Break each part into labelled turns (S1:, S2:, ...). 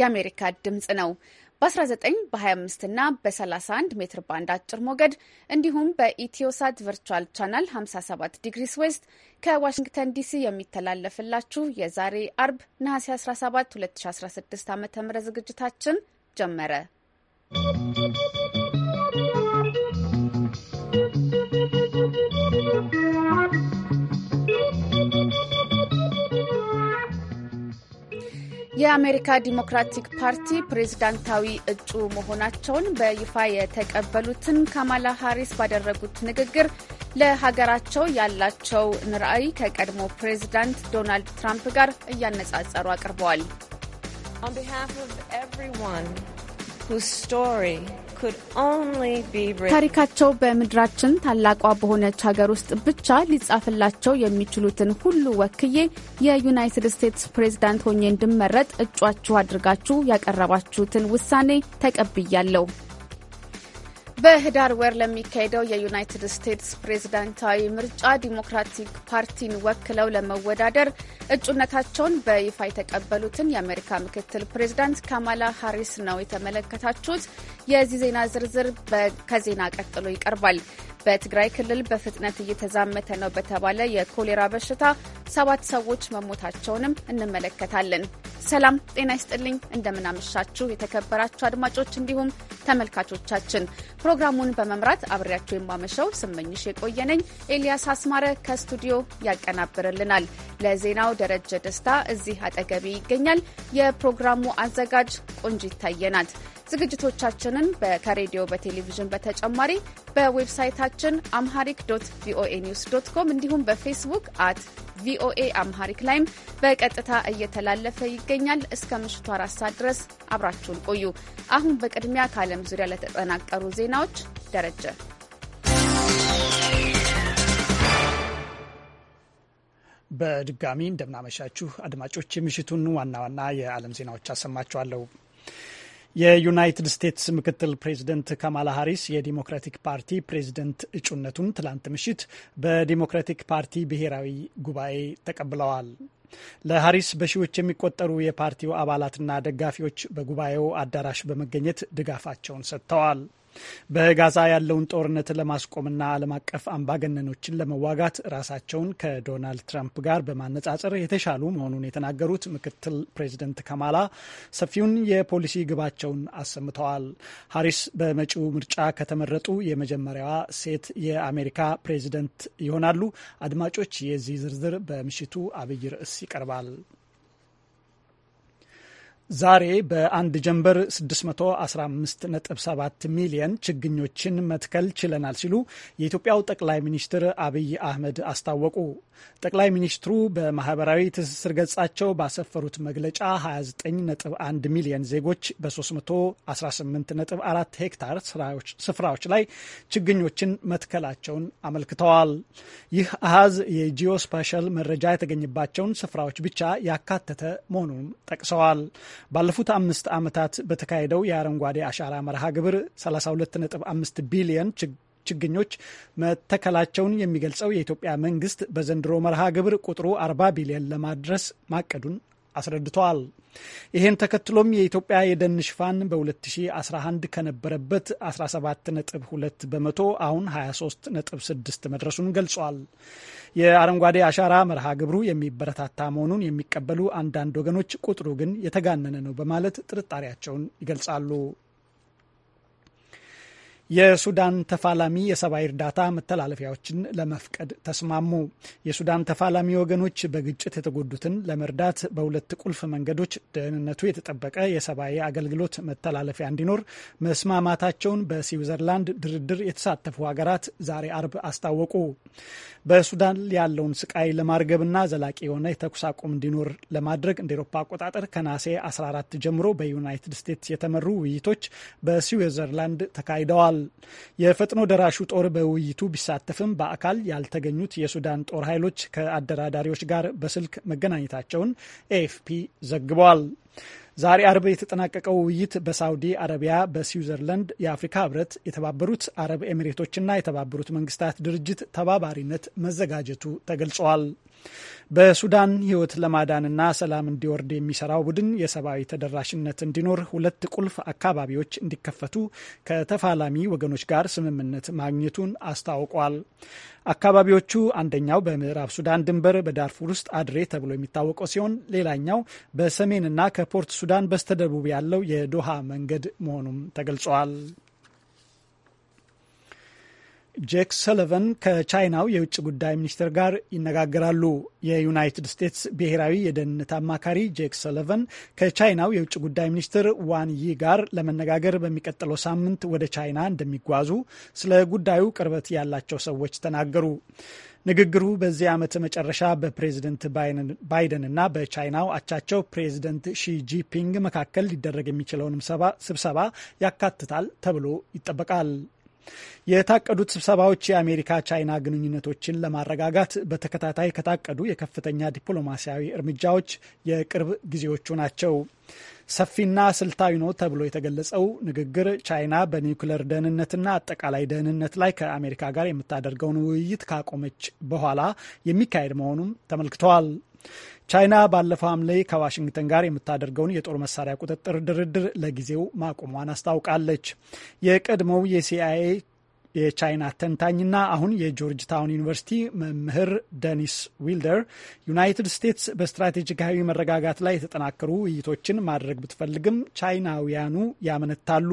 S1: የአሜሪካ ድምፅ ነው። በ19 በ25 እና በ31 ሜትር ባንድ አጭር ሞገድ እንዲሁም በኢትዮሳት ቨርቹዋል ቻናል 57 ዲግሪስ ዌስት ከዋሽንግተን ዲሲ የሚተላለፍላችሁ የዛሬ አርብ ነሐሴ 17 2016 ዓ ም ዝግጅታችን ጀመረ። የአሜሪካ ዲሞክራቲክ ፓርቲ ፕሬዝዳንታዊ እጩ መሆናቸውን በይፋ የተቀበሉትን ካማላ ሃሪስ ባደረጉት ንግግር ለሀገራቸው ያላቸው ራዕይ ከቀድሞ ፕሬዝዳንት ዶናልድ ትራምፕ ጋር እያነጻጸሩ አቅርበዋል። ታሪካቸው በምድራችን ታላቋ በሆነች ሀገር ውስጥ ብቻ ሊጻፍላቸው የሚችሉትን ሁሉ ወክዬ የዩናይትድ ስቴትስ ፕሬዝዳንት ሆኜ እንድመረጥ እጩአችሁ አድርጋችሁ ያቀረባችሁትን ውሳኔ ተቀብያለሁ። በህዳር ወር ለሚካሄደው የዩናይትድ ስቴትስ ፕሬዝዳንታዊ ምርጫ ዲሞክራቲክ ፓርቲን ወክለው ለመወዳደር እጩነታቸውን በይፋ የተቀበሉትን የአሜሪካ ምክትል ፕሬዝዳንት ካማላ ሃሪስ ነው የተመለከታችሁት። የዚህ ዜና ዝርዝር ከዜና ቀጥሎ ይቀርባል። በትግራይ ክልል በፍጥነት እየተዛመተ ነው በተባለ የኮሌራ በሽታ ሰባት ሰዎች መሞታቸውንም እንመለከታለን። ሰላም ጤና ይስጥልኝ። እንደምናመሻችሁ የተከበራችሁ አድማጮች እንዲሁም ተመልካቾቻችን። ፕሮግራሙን በመምራት አብሬያችሁ የማመሸው ስመኝሽ የቆየነኝ። ኤልያስ አስማረ ከስቱዲዮ ያቀናብርልናል። ለዜናው ደረጀ ደስታ እዚህ አጠገቤ ይገኛል። የፕሮግራሙ አዘጋጅ ቆንጂት ታየናት። ዝግጅቶቻችንን ከሬዲዮ በቴሌቪዥን በተጨማሪ በዌብሳይታችን አምሃሪክ ዶት ቪኦኤ ኒውስ ዶት ኮም እንዲሁም በፌስቡክ አት ቪኦኤ አምሃሪክ ላይም በቀጥታ እየተላለፈ ይገኛል። እስከ ምሽቱ አራት ሰዓት ድረስ አብራችሁን ቆዩ። አሁን በቅድሚያ ከዓለም ዙሪያ ለተጠናቀሩ ዜናዎች ደረጀ
S2: በድጋሚ እንደምናመሻችሁ አድማጮች፣ የምሽቱን ዋና ዋና የዓለም ዜናዎች አሰማችኋለሁ። የዩናይትድ ስቴትስ ምክትል ፕሬዚደንት ካማላ ሀሪስ የዲሞክራቲክ ፓርቲ ፕሬዚደንት እጩነቱን ትላንት ምሽት በዲሞክራቲክ ፓርቲ ብሔራዊ ጉባኤ ተቀብለዋል። ለሀሪስ በሺዎች የሚቆጠሩ የፓርቲው አባላትና ደጋፊዎች በጉባኤው አዳራሽ በመገኘት ድጋፋቸውን ሰጥተዋል። በጋዛ ያለውን ጦርነት ለማስቆምና ዓለም አቀፍ አምባገነኖችን ለመዋጋት ራሳቸውን ከዶናልድ ትራምፕ ጋር በማነጻጸር የተሻሉ መሆኑን የተናገሩት ምክትል ፕሬዚደንት ካማላ ሰፊውን የፖሊሲ ግባቸውን አሰምተዋል። ሀሪስ በመጪው ምርጫ ከተመረጡ የመጀመሪያዋ ሴት የአሜሪካ ፕሬዚደንት ይሆናሉ። አድማጮች፣ የዚህ ዝርዝር በምሽቱ አብይ ርዕስ ይቀርባል። ዛሬ በአንድ ጀንበር 615.7 ሚሊየን ችግኞችን መትከል ችለናል ሲሉ የኢትዮጵያው ጠቅላይ ሚኒስትር አብይ አህመድ አስታወቁ። ጠቅላይ ሚኒስትሩ በማህበራዊ ትስስር ገጻቸው ባሰፈሩት መግለጫ 29.1 ሚሊየን ዜጎች በ318.4 ሄክታር ስፍራዎች ላይ ችግኞችን መትከላቸውን አመልክተዋል። ይህ አሃዝ የጂኦስፓሻል መረጃ የተገኘባቸውን ስፍራዎች ብቻ ያካተተ መሆኑን ጠቅሰዋል። ባለፉት አምስት ዓመታት በተካሄደው የአረንጓዴ አሻራ መርሃ ግብር 32.5 ቢሊዮን ችግኞች መተከላቸውን የሚገልጸው የኢትዮጵያ መንግስት በዘንድሮ መርሃ ግብር ቁጥሩ 40 ቢሊዮን ለማድረስ ማቀዱን አስረድተዋል። ይህን ተከትሎም የኢትዮጵያ የደን ሽፋን በ2011 ከነበረበት 17.2 በመቶ አሁን 23.6 መድረሱን ገልጿል። የአረንጓዴ አሻራ መርሃ ግብሩ የሚበረታታ መሆኑን የሚቀበሉ አንዳንድ ወገኖች ቁጥሩ ግን የተጋነነ ነው በማለት ጥርጣሬያቸውን ይገልጻሉ። የሱዳን ተፋላሚ የሰብአዊ እርዳታ መተላለፊያዎችን ለመፍቀድ ተስማሙ። የሱዳን ተፋላሚ ወገኖች በግጭት የተጎዱትን ለመርዳት በሁለት ቁልፍ መንገዶች ደህንነቱ የተጠበቀ የሰብአዊ አገልግሎት መተላለፊያ እንዲኖር መስማማታቸውን በስዊዘርላንድ ድርድር የተሳተፉ ሀገራት ዛሬ አርብ አስታወቁ። በሱዳን ያለውን ስቃይ ለማርገብና ዘላቂ የሆነ የተኩስ አቁም እንዲኖር ለማድረግ እንደ ኤሮፓ አቆጣጠር ከነሐሴ 14 ጀምሮ በዩናይትድ ስቴትስ የተመሩ ውይይቶች በስዊዘርላንድ ተካሂደዋል። የፈጥኖ ደራሹ ጦር በውይይቱ ቢሳተፍም በአካል ያልተገኙት የሱዳን ጦር ኃይሎች ከአደራዳሪዎች ጋር በስልክ መገናኘታቸውን ኤኤፍፒ ዘግቧል። ዛሬ አርብ የተጠናቀቀው ውይይት በሳውዲ አረቢያ፣ በስዊዘርላንድ፣ የአፍሪካ ህብረት፣ የተባበሩት አረብ ኤሚሬቶችና የተባበሩት መንግስታት ድርጅት ተባባሪነት መዘጋጀቱ ተገልጿል። በሱዳን ህይወት ለማዳንና ሰላም እንዲወርድ የሚሰራው ቡድን የሰብአዊ ተደራሽነት እንዲኖር ሁለት ቁልፍ አካባቢዎች እንዲከፈቱ ከተፋላሚ ወገኖች ጋር ስምምነት ማግኘቱን አስታውቋል። አካባቢዎቹ አንደኛው በምዕራብ ሱዳን ድንበር በዳርፉር ውስጥ አድሬ ተብሎ የሚታወቀው ሲሆን ሌላኛው በሰሜንና ከፖርት ሱዳን በስተደቡብ ያለው የዶሃ መንገድ መሆኑም ተገልጿል። ጄክ ሰለቨን ከቻይናው የውጭ ጉዳይ ሚኒስትር ጋር ይነጋገራሉ። የዩናይትድ ስቴትስ ብሔራዊ የደህንነት አማካሪ ጄክ ሰለቨን ከቻይናው የውጭ ጉዳይ ሚኒስትር ዋን ይ ጋር ለመነጋገር በሚቀጥለው ሳምንት ወደ ቻይና እንደሚጓዙ ስለ ጉዳዩ ቅርበት ያላቸው ሰዎች ተናገሩ። ንግግሩ በዚህ ዓመት መጨረሻ በፕሬዝደንት እና በቻይናው አቻቸው ፕሬዝደንት ሺጂፒንግ መካከል ሊደረግ የሚችለውን ስብሰባ ያካትታል ተብሎ ይጠበቃል። የታቀዱት ስብሰባዎች የአሜሪካ ቻይና ግንኙነቶችን ለማረጋጋት በተከታታይ ከታቀዱ የከፍተኛ ዲፕሎማሲያዊ እርምጃዎች የቅርብ ጊዜዎቹ ናቸው። ሰፊና ስልታዊ ነው ተብሎ የተገለጸው ንግግር ቻይና በኒውክለር ደህንነትና አጠቃላይ ደህንነት ላይ ከአሜሪካ ጋር የምታደርገውን ውይይት ካቆመች በኋላ የሚካሄድ መሆኑም ተመልክተዋል። ቻይና ባለፈው ሐምሌ ከዋሽንግተን ጋር የምታደርገውን የጦር መሳሪያ ቁጥጥር ድርድር ለጊዜው ማቆሟን አስታውቃለች። የቀድሞው የሲአይኤ የቻይና ተንታኝና አሁን የጆርጅ ታውን ዩኒቨርሲቲ መምህር ደኒስ ዊልደር ዩናይትድ ስቴትስ በስትራቴጂካዊ መረጋጋት ላይ የተጠናከሩ ውይይቶችን ማድረግ ብትፈልግም ቻይናውያኑ ያመነታሉ፣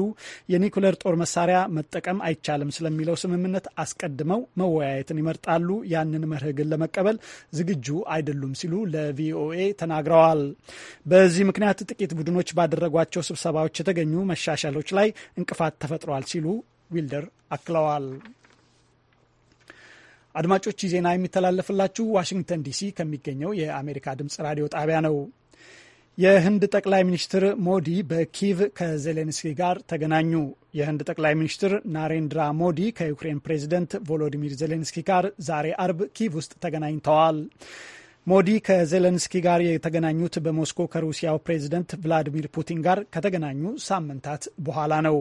S2: የኒኩለር ጦር መሳሪያ መጠቀም አይቻልም ስለሚለው ስምምነት አስቀድመው መወያየትን ይመርጣሉ፣ ያንን መርህ ግን ለመቀበል ዝግጁ አይደሉም ሲሉ ለቪኦኤ ተናግረዋል። በዚህ ምክንያት ጥቂት ቡድኖች ባደረጓቸው ስብሰባዎች የተገኙ መሻሻሎች ላይ እንቅፋት ተፈጥሯል ሲሉ ዊልደር አክለዋል። አድማጮች ዜና የሚተላለፍላችሁ ዋሽንግተን ዲሲ ከሚገኘው የአሜሪካ ድምፅ ራዲዮ ጣቢያ ነው። የህንድ ጠቅላይ ሚኒስትር ሞዲ በኪቭ ከዜሌንስኪ ጋር ተገናኙ። የህንድ ጠቅላይ ሚኒስትር ናሬንድራ ሞዲ ከዩክሬን ፕሬዚደንት ቮሎዲሚር ዜሌንስኪ ጋር ዛሬ አርብ ኪቭ ውስጥ ተገናኝተዋል። ሞዲ ከዜሌንስኪ ጋር የተገናኙት በሞስኮ ከሩሲያው ፕሬዝደንት ቭላዲሚር ፑቲን ጋር ከተገናኙ ሳምንታት በኋላ ነው።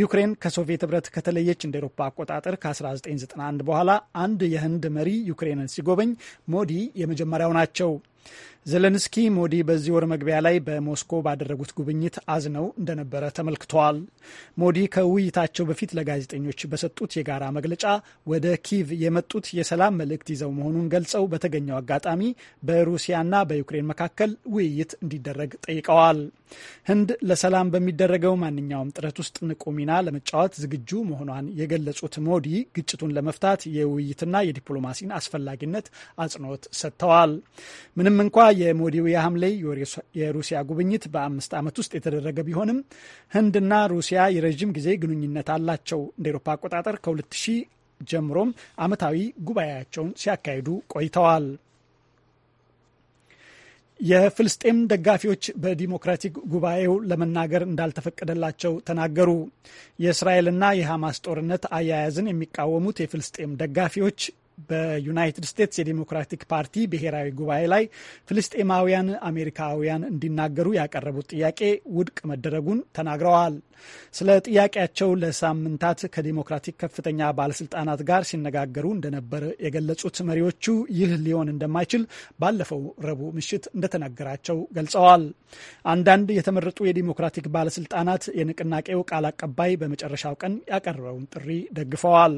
S2: ዩክሬን ከሶቪየት ህብረት ከተለየች እንደ ኤሮፓ አቆጣጠር ከ1991 በኋላ አንድ የህንድ መሪ ዩክሬንን ሲጎበኝ ሞዲ የመጀመሪያው ናቸው። ዘለንስኪ ሞዲ በዚህ ወር መግቢያ ላይ በሞስኮ ባደረጉት ጉብኝት አዝነው እንደነበረ ተመልክተዋል። ሞዲ ከውይይታቸው በፊት ለጋዜጠኞች በሰጡት የጋራ መግለጫ ወደ ኪቭ የመጡት የሰላም መልእክት ይዘው መሆኑን ገልጸው በተገኘው አጋጣሚ በሩሲያና በዩክሬን መካከል ውይይት እንዲደረግ ጠይቀዋል። ህንድ ለሰላም በሚደረገው ማንኛውም ጥረት ውስጥ ንቁ ሚና ለመጫወት ዝግጁ መሆኗን የገለጹት ሞዲ ግጭቱን ለመፍታት የውይይትና የዲፕሎማሲን አስፈላጊነት አጽንኦት ሰጥተዋል። ምንም እንኳ የሞዲው የሐምሌ የሩሲያ ጉብኝት በአምስት ዓመት ውስጥ የተደረገ ቢሆንም ህንድና ሩሲያ የረዥም ጊዜ ግንኙነት አላቸው። እንደ ኤሮፓ አቆጣጠር ከ2000 ጀምሮም ዓመታዊ ጉባኤያቸውን ሲያካሂዱ ቆይተዋል። የፍልስጤም ደጋፊዎች በዲሞክራቲክ ጉባኤው ለመናገር እንዳልተፈቀደላቸው ተናገሩ። የእስራኤልና የሐማስ ጦርነት አያያዝን የሚቃወሙት የፍልስጤም ደጋፊዎች በዩናይትድ ስቴትስ የዲሞክራቲክ ፓርቲ ብሔራዊ ጉባኤ ላይ ፍልስጤማውያን አሜሪካውያን እንዲናገሩ ያቀረቡት ጥያቄ ውድቅ መደረጉን ተናግረዋል። ስለ ጥያቄያቸው ለሳምንታት ከዲሞክራቲክ ከፍተኛ ባለስልጣናት ጋር ሲነጋገሩ እንደነበር የገለጹት መሪዎቹ ይህ ሊሆን እንደማይችል ባለፈው ረቡዕ ምሽት እንደተነገራቸው ገልጸዋል። አንዳንድ የተመረጡ የዲሞክራቲክ ባለስልጣናት የንቅናቄው ቃል አቀባይ በመጨረሻው ቀን ያቀረበውን ጥሪ ደግፈዋል።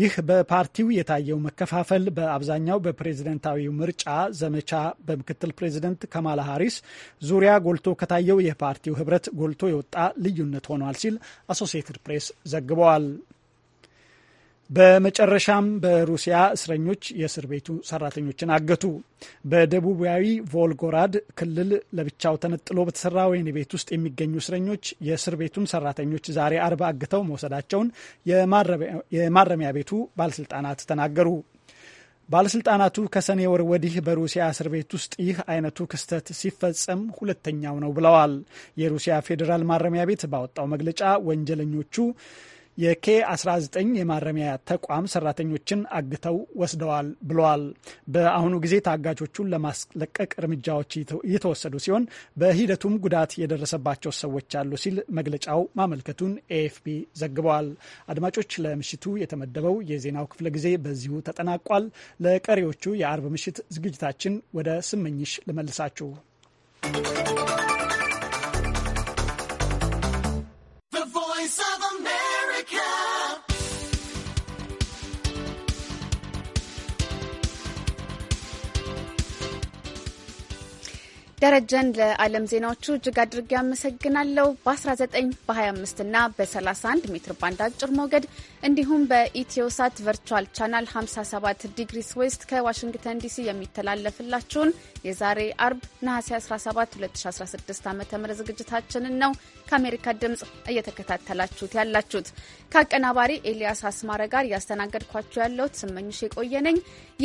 S2: ይህ በፓርቲው የታየው መከፋፈል በአብዛኛው በፕሬዝደንታዊው ምርጫ ዘመቻ በምክትል ፕሬዝደንት ከማላ ሀሪስ ዙሪያ ጎልቶ ከታየው የፓርቲው ህብረት ጎልቶ የወጣ ልዩነት ሆኗል ሲል አሶሲየትድ ፕሬስ ዘግበዋል። በመጨረሻም በሩሲያ እስረኞች የእስር ቤቱ ሰራተኞችን አገቱ። በደቡባዊ ቮልጎራድ ክልል ለብቻው ተነጥሎ በተሰራ ወህኒ ቤት ውስጥ የሚገኙ እስረኞች የእስር ቤቱን ሰራተኞች ዛሬ አርብ አግተው መውሰዳቸውን የማረሚያ ቤቱ ባለስልጣናት ተናገሩ። ባለስልጣናቱ ከሰኔ ወር ወዲህ በሩሲያ እስር ቤት ውስጥ ይህ አይነቱ ክስተት ሲፈጸም ሁለተኛው ነው ብለዋል። የሩሲያ ፌዴራል ማረሚያ ቤት ባወጣው መግለጫ ወንጀለኞቹ የኬ-19 የማረሚያ ተቋም ሰራተኞችን አግተው ወስደዋል ብለዋል። በአሁኑ ጊዜ ታጋቾቹን ለማስለቀቅ እርምጃዎች እየተወሰዱ ሲሆን በሂደቱም ጉዳት የደረሰባቸው ሰዎች አሉ ሲል መግለጫው ማመልከቱን ኤኤፍፒ ዘግበዋል። አድማጮች፣ ለምሽቱ የተመደበው የዜናው ክፍለ ጊዜ በዚሁ ተጠናቋል። ለቀሪዎቹ የአርብ ምሽት ዝግጅታችን ወደ ስመኝሽ ልመልሳችሁ።
S1: ደረጀን ለዓለም ዜናዎቹ እጅግ አድርጌ አመሰግናለሁ። በ19 በ25 እና በ31 ሜትር ባንድ አጭር ሞገድ እንዲሁም በኢትዮሳት ቨርቹዋል ቻናል 57 ዲግሪስ ዌስት ከዋሽንግተን ዲሲ የሚተላለፍላችሁን የዛሬ አርብ ነሐሴ 17 2016 ዓ ም ዝግጅታችንን ነው ከአሜሪካ ድምፅ እየተከታተላችሁት ያላችሁት። ከአቀናባሪ ኤልያስ አስማረ ጋር እያስተናገድኳችሁ ያለሁት ስመኝሽ የቆየነኝ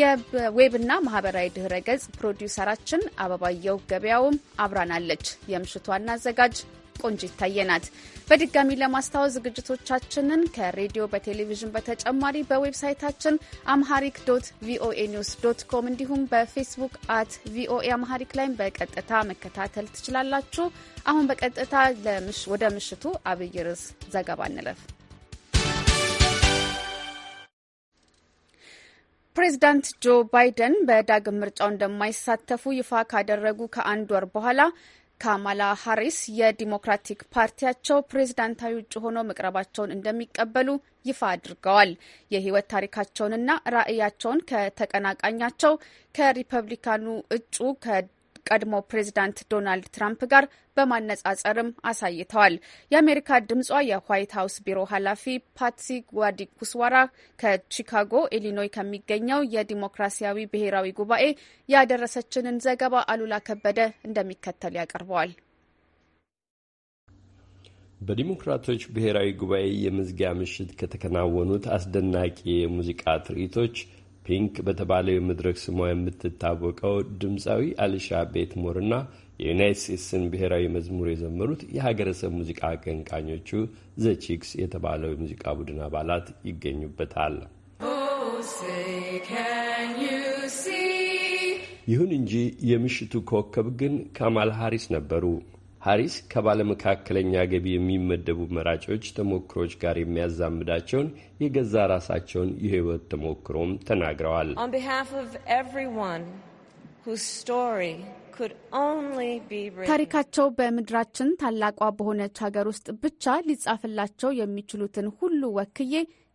S1: የዌብና ማህበራዊ ድህረ ገጽ ፕሮዲውሰራችን አበባየው ገ ገበያውም አብራናለች። የምሽቱ ዋና አዘጋጅ ቆንጅ ይታየናት። በድጋሚ ለማስታወስ ዝግጅቶቻችንን ከሬዲዮ በቴሌቪዥን በተጨማሪ በዌብሳይታችን አምሃሪክ ዶት ቪኦኤ ኒውስ ዶት ኮም እንዲሁም በፌስቡክ አት ቪኦኤ አምሃሪክ ላይም በቀጥታ መከታተል ትችላላችሁ። አሁን በቀጥታ ወደ ምሽቱ አብይ ርዕስ ዘገባ እንለፍ። ፕሬዚዳንት ጆ ባይደን በዳግም ምርጫው እንደማይሳተፉ ይፋ ካደረጉ ከአንድ ወር በኋላ ካማላ ሀሪስ የዲሞክራቲክ ፓርቲያቸው ፕሬዝዳንታዊ እጩ ሆነው መቅረባቸውን እንደሚቀበሉ ይፋ አድርገዋል። የህይወት ታሪካቸውንና ራዕያቸውን ከተቀናቃኛቸው ከሪፐብሊካኑ እጩ ቀድሞ ፕሬዚዳንት ዶናልድ ትራምፕ ጋር በማነጻጸርም አሳይተዋል። የአሜሪካ ድምጿ የዋይት ሀውስ ቢሮ ኃላፊ ፓትሲ ጓዲ ኩስዋራ ከቺካጎ ኢሊኖይ ከሚገኘው የዲሞክራሲያዊ ብሔራዊ ጉባኤ ያደረሰችንን ዘገባ አሉላ ከበደ እንደሚከተል ያቀርበዋል።
S3: በዲሞክራቶች ብሔራዊ ጉባኤ የመዝጊያ ምሽት ከተከናወኑት አስደናቂ የሙዚቃ ትርኢቶች ፒንክ በተባለው የመድረክ ስሟ የምትታወቀው ድምፃዊ አሊሻ ቤትሞር እና የዩናይት ስቴትስን ብሔራዊ መዝሙር የዘመሩት የሀገረሰብ ሙዚቃ አቀንቃኞቹ ዘቺክስ የተባለው የሙዚቃ ቡድን አባላት ይገኙበታል። ይሁን እንጂ የምሽቱ ኮከብ ግን ካማል ሃሪስ ነበሩ። ሃሪስ ከባለመካከለኛ ገቢ የሚመደቡ መራጮች ተሞክሮች ጋር የሚያዛምዳቸውን የገዛ ራሳቸውን የህይወት ተሞክሮም ተናግረዋል።
S4: ታሪካቸው
S1: በምድራችን ታላቋ በሆነች ሀገር ውስጥ ብቻ ሊጻፍላቸው የሚችሉትን ሁሉ ወክዬ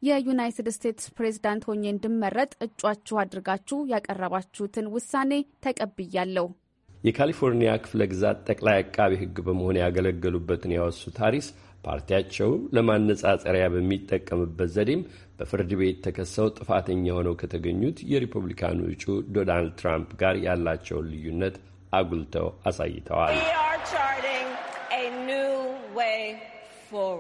S1: የዩናይትድ ስቴትስ ፕሬዝዳንት ሆኜ እንድመረጥ እጩአችሁ አድርጋችሁ ያቀረባችሁትን ውሳኔ ተቀብያለሁ።
S3: የካሊፎርኒያ ክፍለ ግዛት ጠቅላይ አቃቢ ሕግ በመሆን ያገለገሉበትን ያወሱት ሀሪስ ፓርቲያቸው ለማነጻጸሪያ በሚጠቀምበት ዘዴም በፍርድ ቤት ተከሰው ጥፋተኛ ሆነው ከተገኙት የሪፐብሊካኑ እጩ ዶናልድ ትራምፕ ጋር ያላቸውን ልዩነት አጉልተው አሳይተዋል።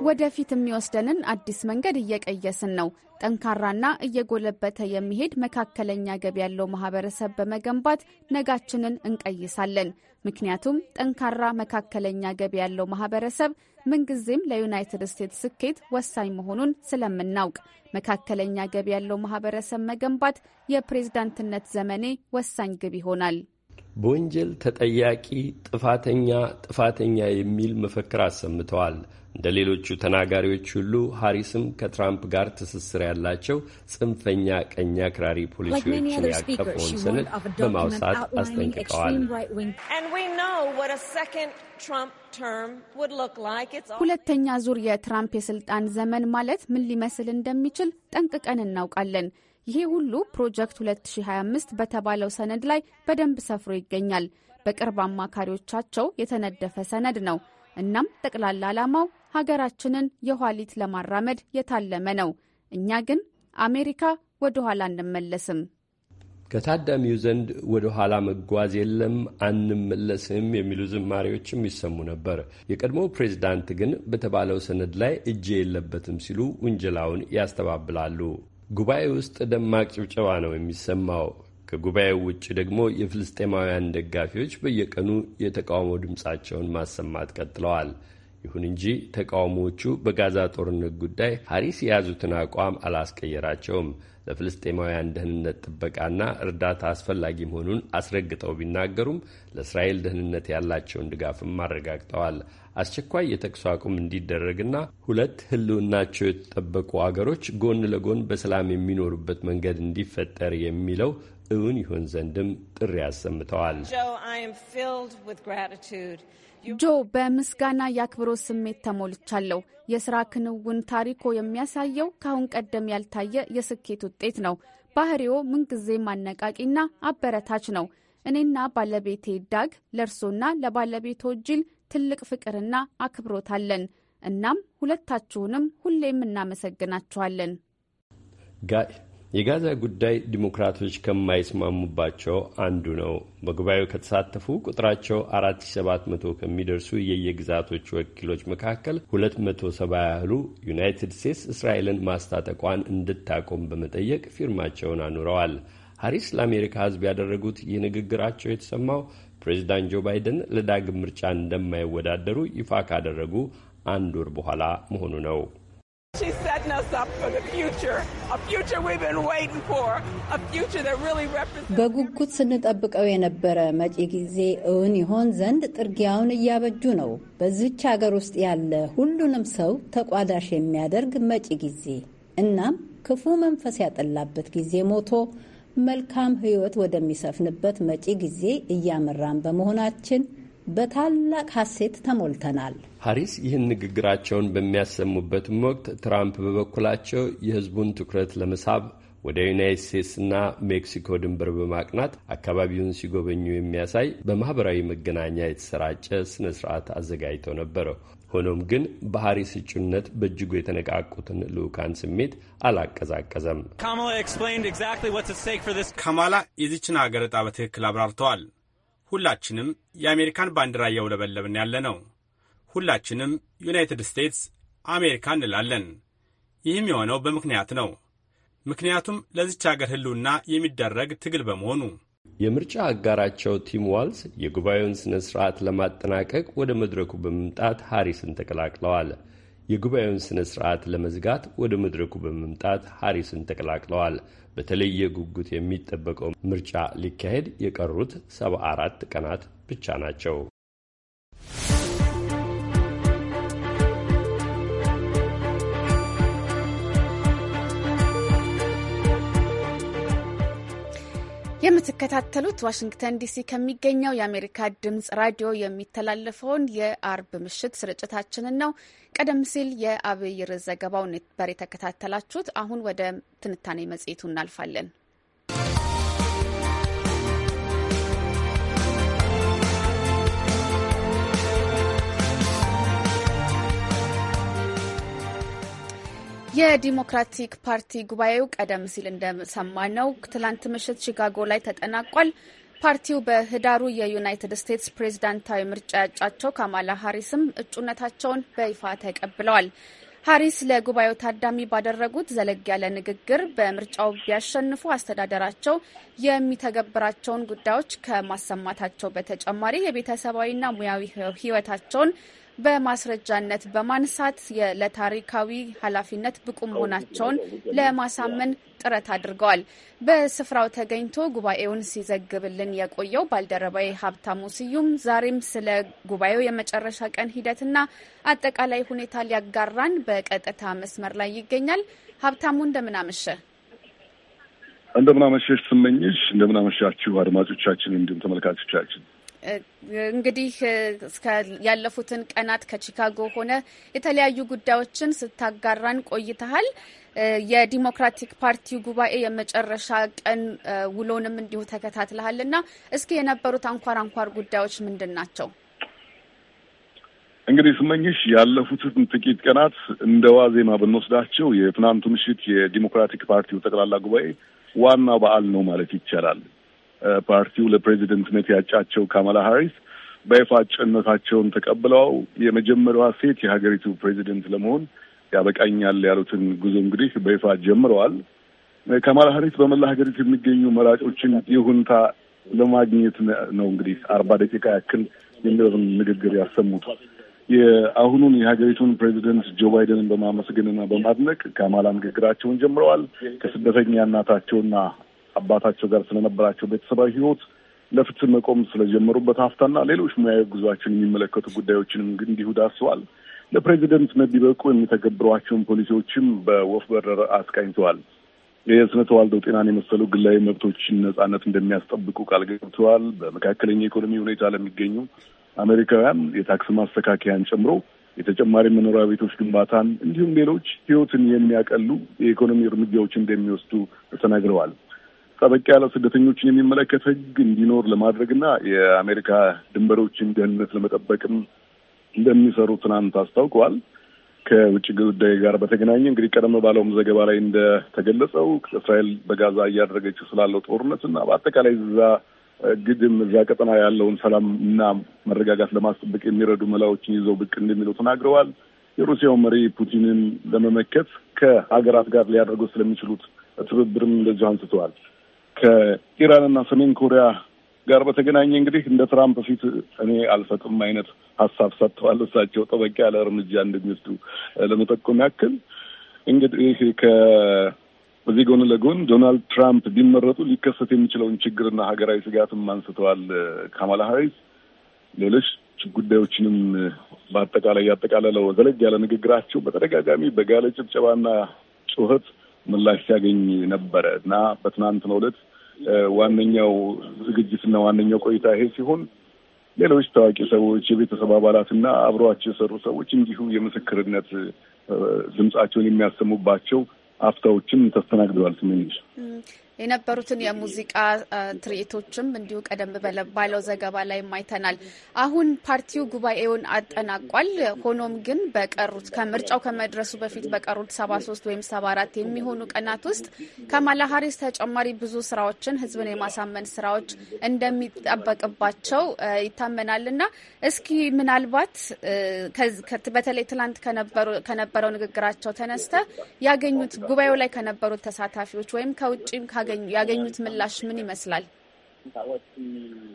S1: ወደፊት የሚወስደንን አዲስ መንገድ እየቀየስን ነው። ጠንካራና እየጎለበተ የሚሄድ መካከለኛ ገቢ ያለው ማህበረሰብ በመገንባት ነጋችንን እንቀይሳለን። ምክንያቱም ጠንካራ መካከለኛ ገቢ ያለው ማህበረሰብ ምንጊዜም ለዩናይትድ ስቴትስ ስኬት ወሳኝ መሆኑን ስለምናውቅ መካከለኛ ገቢ ያለው ማህበረሰብ መገንባት የፕሬዝዳንትነት ዘመኔ ወሳኝ ግብ ይሆናል።
S3: በወንጀል ተጠያቂ ጥፋተኛ ጥፋተኛ የሚል መፈክር አሰምተዋል። እንደ ሌሎቹ ተናጋሪዎች ሁሉ ሃሪስም ከትራምፕ ጋር ትስስር ያላቸው ጽንፈኛ ቀኝ አክራሪ ፖሊሲዎችን ያቀፈውን ሰነድ በማውሳት አስጠንቅቀዋል።
S1: ሁለተኛ ዙር የትራምፕ የስልጣን ዘመን ማለት ምን ሊመስል እንደሚችል ጠንቅቀን እናውቃለን። ይሄ ሁሉ ፕሮጀክት 2025 በተባለው ሰነድ ላይ በደንብ ሰፍሮ ይገኛል። በቅርብ አማካሪዎቻቸው የተነደፈ ሰነድ ነው። እናም ጠቅላላ ዓላማው ሀገራችንን የኋሊት ለማራመድ የታለመ ነው። እኛ ግን አሜሪካ ወደ ኋላ አንመለስም።
S3: ከታዳሚው ዘንድ ወደ ኋላ መጓዝ የለም አንመለስም የሚሉ ዝማሪዎችም ይሰሙ ነበር። የቀድሞ ፕሬዚዳንት ግን በተባለው ሰነድ ላይ እጄ የለበትም ሲሉ ውንጀላውን ያስተባብላሉ። ጉባኤ ውስጥ ደማቅ ጭብጨባ ነው የሚሰማው። ከጉባኤው ውጭ ደግሞ የፍልስጤማውያን ደጋፊዎች በየቀኑ የተቃውሞ ድምፃቸውን ማሰማት ቀጥለዋል። ይሁን እንጂ ተቃውሞዎቹ በጋዛ ጦርነት ጉዳይ ሀሪስ የያዙትን አቋም አላስቀየራቸውም። ለፍልስጤማውያን ደህንነት ጥበቃና እርዳታ አስፈላጊ መሆኑን አስረግጠው ቢናገሩም ለእስራኤል ደህንነት ያላቸውን ድጋፍም አረጋግጠዋል። አስቸኳይ የተኩስ አቁም እንዲደረግና ሁለት ህልውናቸው የተጠበቁ አገሮች ጎን ለጎን በሰላም የሚኖሩበት መንገድ እንዲፈጠር የሚለው እውን ይሆን ዘንድም ጥሪ አሰምተዋል።
S1: ጆ በምስጋና የአክብሮት ስሜት ተሞልቻለሁ። የሥራ ክንውን ታሪኮ የሚያሳየው ከአሁን ቀደም ያልታየ የስኬት ውጤት ነው። ባህሪዎ ምንጊዜ ማነቃቂና አበረታች ነው። እኔና ባለቤቴ ዳግ ለእርሶና ለባለቤቶ ጅል ትልቅ ፍቅርና አክብሮት አለን። እናም ሁለታችሁንም ሁሌም እናመሰግናችኋለን።
S3: የጋዛ ጉዳይ ዲሞክራቶች ከማይስማሙባቸው አንዱ ነው። በጉባኤው ከተሳተፉ ቁጥራቸው 4700 ከሚደርሱ የየግዛቶች ወኪሎች መካከል 270 ያህሉ ዩናይትድ ስቴትስ እስራኤልን ማስታጠቋን እንድታቆም በመጠየቅ ፊርማቸውን አኑረዋል። ሀሪስ ለአሜሪካ ሕዝብ ያደረጉት ይህ ንግግራቸው የተሰማው ፕሬዚዳንት ጆ ባይደን ለዳግም ምርጫ እንደማይወዳደሩ ይፋ ካደረጉ አንድ ወር በኋላ መሆኑ ነው።
S5: She's setting us up for the future, a future we've been waiting for, a future
S1: that really represents... በጉጉት ስንጠብቀው የነበረ መጪ ጊዜ እውን ይሆን ዘንድ ጥርጊያውን እያበጁ ነው። በዚች ሀገር ውስጥ ያለ ሁሉንም ሰው ተቋዳሽ የሚያደርግ መጪ ጊዜ። እናም ክፉ መንፈስ ያጠላበት ጊዜ ሞቶ መልካም ሕይወት ወደሚሰፍንበት መጪ ጊዜ እያመራን በመሆናችን በታላቅ ሐሴት ተሞልተናል።
S3: ሀሪስ ይህን ንግግራቸውን በሚያሰሙበትም ወቅት ትራምፕ በበኩላቸው የሕዝቡን ትኩረት ለመሳብ ወደ ዩናይት ስቴትስና ሜክሲኮ ድንበር በማቅናት አካባቢውን ሲጎበኙ የሚያሳይ በማኅበራዊ መገናኛ የተሰራጨ ሥነ ሥርዓት አዘጋጅተው ነበረ። ሆኖም ግን በሀሪስ እጩነት በእጅጉ የተነቃቁትን ልዑካን ስሜት አላቀዛቀዘም።
S5: ካማላ የዚችን አገር ዕጣ በትክክል አብራርተዋል። ሁላችንም የአሜሪካን ባንዲራ እያውለበለብን ያለ ነው። ሁላችንም ዩናይትድ ስቴትስ አሜሪካ እንላለን። ይህም የሆነው በምክንያት ነው። ምክንያቱም ለዚች አገር ሕልውና የሚደረግ ትግል በመሆኑ
S3: የምርጫ አጋራቸው ቲም ዋልስ የጉባኤውን ስነ ስርዓት ለማጠናቀቅ ወደ መድረኩ በመምጣት ሃሪስን ተቀላቅለዋል። የጉባኤውን ስነ ስርዓት ለመዝጋት ወደ መድረኩ በመምጣት ሃሪስን ተቀላቅለዋል። በተለየ ጉጉት የሚጠበቀው ምርጫ ሊካሄድ የቀሩት 74 ቀናት ብቻ ናቸው።
S1: የምትከታተሉት ዋሽንግተን ዲሲ ከሚገኘው የአሜሪካ ድምጽ ራዲዮ የሚተላለፈውን የአርብ ምሽት ስርጭታችንን ነው። ቀደም ሲል የአብይር ዘገባው ነበር የተከታተላችሁት። አሁን ወደ ትንታኔ መጽሔቱ እናልፋለን። የዲሞክራቲክ ፓርቲ ጉባኤው ቀደም ሲል እንደሰማነው ትላንት ምሽት ቺካጎ ላይ ተጠናቋል። ፓርቲው በህዳሩ የዩናይትድ ስቴትስ ፕሬዝዳንታዊ ምርጫ ያጫቸው ካማላ ሀሪስም እጩነታቸውን በይፋ ተቀብለዋል። ሀሪስ ለጉባኤው ታዳሚ ባደረጉት ዘለግ ያለ ንግግር በምርጫው ቢያሸንፉ አስተዳደራቸው የሚተገብራቸውን ጉዳዮች ከማሰማታቸው በተጨማሪ የቤተሰባዊና ሙያዊ ህይወታቸውን በማስረጃነት በማንሳት ለታሪካዊ ኃላፊነት ብቁ መሆናቸውን ለማሳመን ጥረት አድርገዋል። በስፍራው ተገኝቶ ጉባኤውን ሲዘግብልን የቆየው ባልደረባዊ ሀብታሙ ስዩም ዛሬም ስለ ጉባኤው የመጨረሻ ቀን ሂደትና አጠቃላይ ሁኔታ ሊያጋራን በቀጥታ መስመር ላይ ይገኛል። ሀብታሙ እንደምን አመሸ?
S6: እንደምን አመሸሽ ስመኝሽ። እንደምን አመሻችሁ አድማጮቻችን እንዲሁም ተመልካቾቻችን
S1: እንግዲህ ያለፉትን ቀናት ከቺካጎ ሆነ የተለያዩ ጉዳዮችን ስታጋራን ቆይተሃል። የዲሞክራቲክ ፓርቲው ጉባኤ የመጨረሻ ቀን ውሎንም እንዲሁ ተከታትለሃል እና እስኪ የነበሩት አንኳር አንኳር ጉዳዮች ምንድን ናቸው?
S6: እንግዲህ ስመኝሽ ያለፉትን ጥቂት ቀናት እንደ ዋዜማ ብንወስዳቸው የትናንቱ ምሽት የዲሞክራቲክ ፓርቲው ጠቅላላ ጉባኤ ዋና በዓል ነው ማለት ይቻላል። ፓርቲው ለፕሬዚደንትነት ያጫቸው ካማላ ሀሪስ በይፋ እጩነታቸውን ተቀብለው የመጀመሪያዋ ሴት የሀገሪቱ ፕሬዚደንት ለመሆን ያበቃኛል ያሉትን ጉዞ እንግዲህ በይፋ ጀምረዋል። ካማላ ሀሪስ በመላ ሀገሪቱ የሚገኙ መራጮችን ይሁንታ ለማግኘት ነው እንግዲህ አርባ ደቂቃ ያክል የሚለውን ንግግር ያሰሙት። የአሁኑን የሀገሪቱን ፕሬዚደንት ጆ ባይደንን በማመስገንና በማድነቅ ካማላ ንግግራቸውን ጀምረዋል። ከስደተኛ እናታቸውና አባታቸው ጋር ስለነበራቸው ቤተሰባዊ ህይወት ለፍትህ መቆም ስለጀመሩበት ሀፍታና ሌሎች ሙያዊ ጉዟቸውን የሚመለከቱ ጉዳዮችንም እንዲሁ ዳስሰዋል። ለፕሬዚደንት እንዲበቁ የሚተገብሯቸውን ፖሊሲዎችም በወፍ በረር አስቃኝተዋል። የስነ ተዋልዶ ጤናን የመሰሉ ግላዊ መብቶችን ነጻነት እንደሚያስጠብቁ ቃል ገብተዋል። በመካከለኛ ኢኮኖሚ ሁኔታ ለሚገኙ አሜሪካውያን የታክስ ማስተካከያን ጨምሮ የተጨማሪ መኖሪያ ቤቶች ግንባታን እንዲሁም ሌሎች ህይወትን የሚያቀሉ የኢኮኖሚ እርምጃዎች እንደሚወስዱ ተናግረዋል። ጠበቅ ያለ ስደተኞችን የሚመለከት ህግ እንዲኖር ለማድረግና የአሜሪካ ድንበሮችን ደህንነት ለመጠበቅም እንደሚሰሩ ትናንት አስታውቀዋል። ከውጭ ጉዳይ ጋር በተገናኘ እንግዲህ ቀደም ባለውም ዘገባ ላይ እንደተገለጸው እስራኤል በጋዛ እያደረገችው ስላለው ጦርነት እና በአጠቃላይ እዛ ግድም እዛ ቀጠና ያለውን ሰላም እና መረጋጋት ለማስጠበቅ የሚረዱ መላዎችን ይዘው ብቅ እንደሚለው ተናግረዋል። የሩሲያው መሪ ፑቲንን ለመመከት ከሀገራት ጋር ሊያደርገው ስለሚችሉት ትብብርም እንደዚሁ አንስተዋል። ከኢራንና ሰሜን ኮሪያ ጋር በተገናኘ እንግዲህ እንደ ትራምፕ ፊት እኔ አልሰጥም አይነት ሀሳብ ሰጥተዋል። እሳቸው ጠበቅ ያለ እርምጃ እንደሚወስዱ ለመጠቆም ያክል እንግዲህ ከ በዚህ ጎን ለጎን ዶናልድ ትራምፕ ቢመረጡ ሊከሰት የሚችለውን ችግርና ሀገራዊ ስጋትም አንስተዋል ካማላ ሀሪስ። ሌሎች ጉዳዮችንም በአጠቃላይ ያጠቃለለው ዘለግ ያለ ንግግራቸው በተደጋጋሚ በጋለ ጭብጨባና ጩኸት ምላሽ ሲያገኝ ነበረ እና በትናንትናው ዕለት ዋነኛው ዝግጅትና ዋነኛው ቆይታ ይሄ ሲሆን ሌሎች ታዋቂ ሰዎች፣ የቤተሰብ አባላትና አብረዋቸው የሰሩ ሰዎች እንዲሁ የምስክርነት ድምጻቸውን የሚያሰሙባቸው አፍታዎችም ተስተናግደዋል። ስምኝሽ
S1: የነበሩትን የሙዚቃ ትርኢቶችም እንዲሁ ቀደም ባለው ዘገባ ላይ ማይተናል አሁን ፓርቲው ጉባኤውን አጠናቋል። ሆኖም ግን በቀሩት ከምርጫው ከመድረሱ በፊት በቀሩት 73 ወይም 74 የሚሆኑ ቀናት ውስጥ ካማላ ሀሪስ ተጨማሪ ብዙ ስራዎችን ህዝብን የማሳመን ስራዎች እንደሚጠበቅባቸው ይታመናል እና እስኪ ምናልባት በተለይ ትላንት ከነበረው ንግግራቸው ተነስተ ያገኙት ጉባኤው ላይ ከነበሩት ተሳታፊዎች ወይም ከውጭም ያገኙት ምላሽ ምን ይመስላል?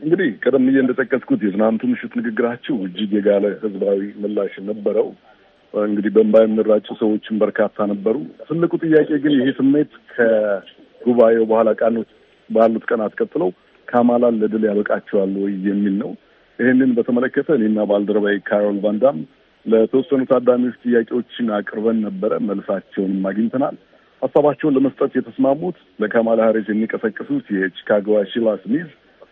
S6: እንግዲህ ቀደም ብዬ እንደጠቀስኩት የትናንቱ ምሽት ንግግራቸው እጅግ የጋለ ህዝባዊ ምላሽ ነበረው። እንግዲህ በእንባ የምንራቸው ሰዎችን በርካታ ነበሩ። ትልቁ ጥያቄ ግን ይሄ ስሜት ከጉባኤው በኋላ ቃኖች ባሉት ቀናት ቀጥለው ካማላን ለድል ያበቃቸዋል ወይ የሚል ነው። ይህንን በተመለከተ እኔና ባልደረባይ ካሮል ቫንዳም ለተወሰኑ ታዳሚዎች ጥያቄዎችን አቅርበን ነበረ። መልሳቸውንም አግኝተናል። ሀሳባቸውን ለመስጠት የተስማሙት ለካማላ ሀሪስ የሚቀሰቅሱት የቺካጎዋ ሺላ ስሚዝ፣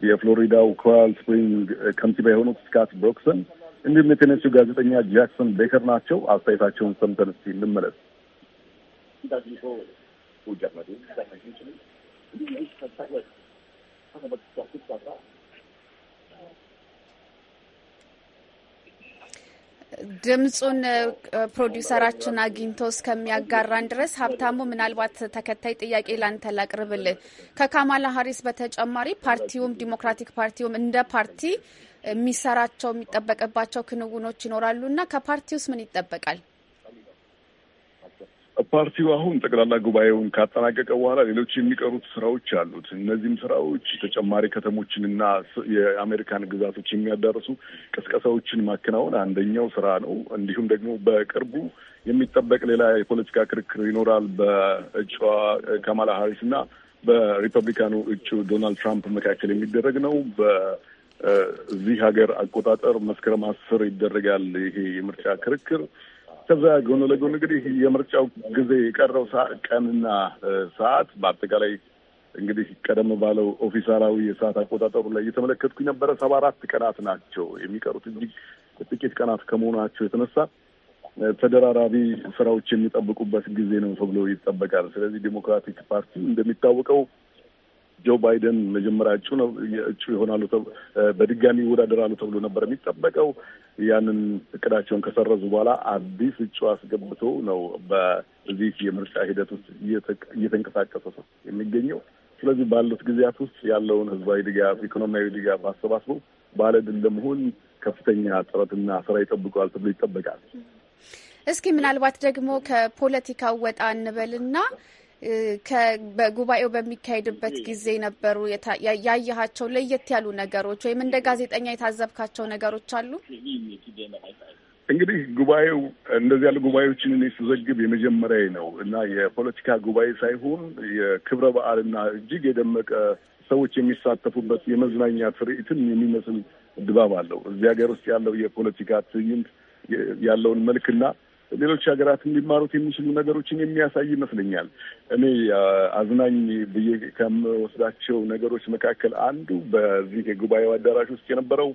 S6: የፍሎሪዳው ኮራል ስፕሪንግ ከንቲባ የሆኑት ስካት ብሮክሰን እንዲሁም የቴኔሲ ጋዜጠኛ ጃክሰን ቤከር ናቸው። አስተያየታቸውን ሰምተን እስቲ እንመለስ።
S1: ድምፁን ፕሮዲውሰራችን አግኝቶ እስከሚያጋራን ድረስ ሀብታሙ፣ ምናልባት ተከታይ ጥያቄ ላንተ ላቅርብልህ። ከካማላ ሀሪስ በተጨማሪ ፓርቲውም ዲሞክራቲክ ፓርቲውም እንደ ፓርቲ የሚሰራቸው የሚጠበቅባቸው ክንውኖች ይኖራሉ እና ከፓርቲ ውስጥ ምን ይጠበቃል?
S6: ፓርቲው አሁን ጠቅላላ ጉባኤውን ካጠናቀቀ በኋላ ሌሎች የሚቀሩት ስራዎች አሉት። እነዚህም ስራዎች ተጨማሪ ከተሞችንና የአሜሪካን ግዛቶች የሚያዳርሱ ቅስቀሳዎችን ማከናወን አንደኛው ስራ ነው። እንዲሁም ደግሞ በቅርቡ የሚጠበቅ ሌላ የፖለቲካ ክርክር ይኖራል በእጩዋ ካማላ ሀሪስ እና በሪፐብሊካኑ እጩ ዶናልድ ትራምፕ መካከል የሚደረግ ነው። በዚህ ሀገር አቆጣጠር መስከረም አስር ይደረጋል ይሄ የምርጫ ክርክር። ከዛ ጎን ለጎን እንግዲህ የምርጫው ጊዜ የቀረው ቀንና ሰዓት በአጠቃላይ እንግዲህ ቀደም ባለው ኦፊሳላዊ የሰዓት አቆጣጠሩ ላይ እየተመለከትኩኝ ነበረ። ሰባ አራት ቀናት ናቸው የሚቀሩት። እጅግ ጥቂት ቀናት ከመሆናቸው የተነሳ ተደራራቢ ስራዎች የሚጠብቁበት ጊዜ ነው ተብሎ ይጠበቃል። ስለዚህ ዲሞክራቲክ ፓርቲ እንደሚታወቀው ጆ ባይደን መጀመሪያ ነው እጩ ይሆናሉ በድጋሚ ይወዳደራሉ ተብሎ ነበር የሚጠበቀው። ያንን እቅዳቸውን ከሰረዙ በኋላ አዲስ እጩ አስገብቶ ነው በዚህ የምርጫ ሂደት ውስጥ እየተንቀሳቀሰ ሰው የሚገኘው። ስለዚህ ባሉት ጊዜያት ውስጥ ያለውን ህዝባዊ ድጋፍ፣ ኢኮኖሚያዊ ድጋፍ አሰባስበው ባለድል ለመሆን ከፍተኛ ጥረትና ስራ ይጠብቀዋል ተብሎ ይጠበቃል።
S1: እስኪ ምናልባት ደግሞ ከፖለቲካው ወጣ እንበልና በጉባኤው በሚካሄድበት ጊዜ ነበሩ ያየሃቸው ለየት ያሉ ነገሮች ወይም እንደ ጋዜጠኛ የታዘብካቸው ነገሮች አሉ?
S6: እንግዲህ ጉባኤው እንደዚህ ያሉ ጉባኤዎችን እኔ ስዘግብ የመጀመሪያ ነው እና የፖለቲካ ጉባኤ ሳይሆን የክብረ በዓልና እጅግ የደመቀ ሰዎች የሚሳተፉበት የመዝናኛ ትርኢትን የሚመስል ድባብ አለው። እዚህ ሀገር ውስጥ ያለው የፖለቲካ ትዕይንት ያለውን መልክና ሌሎች ሀገራት ሊማሩት የሚችሉ ነገሮችን የሚያሳይ ይመስለኛል። እኔ አዝናኝ ብዬ ከምወስዳቸው ነገሮች መካከል አንዱ በዚህ የጉባኤው አዳራሽ ውስጥ የነበረው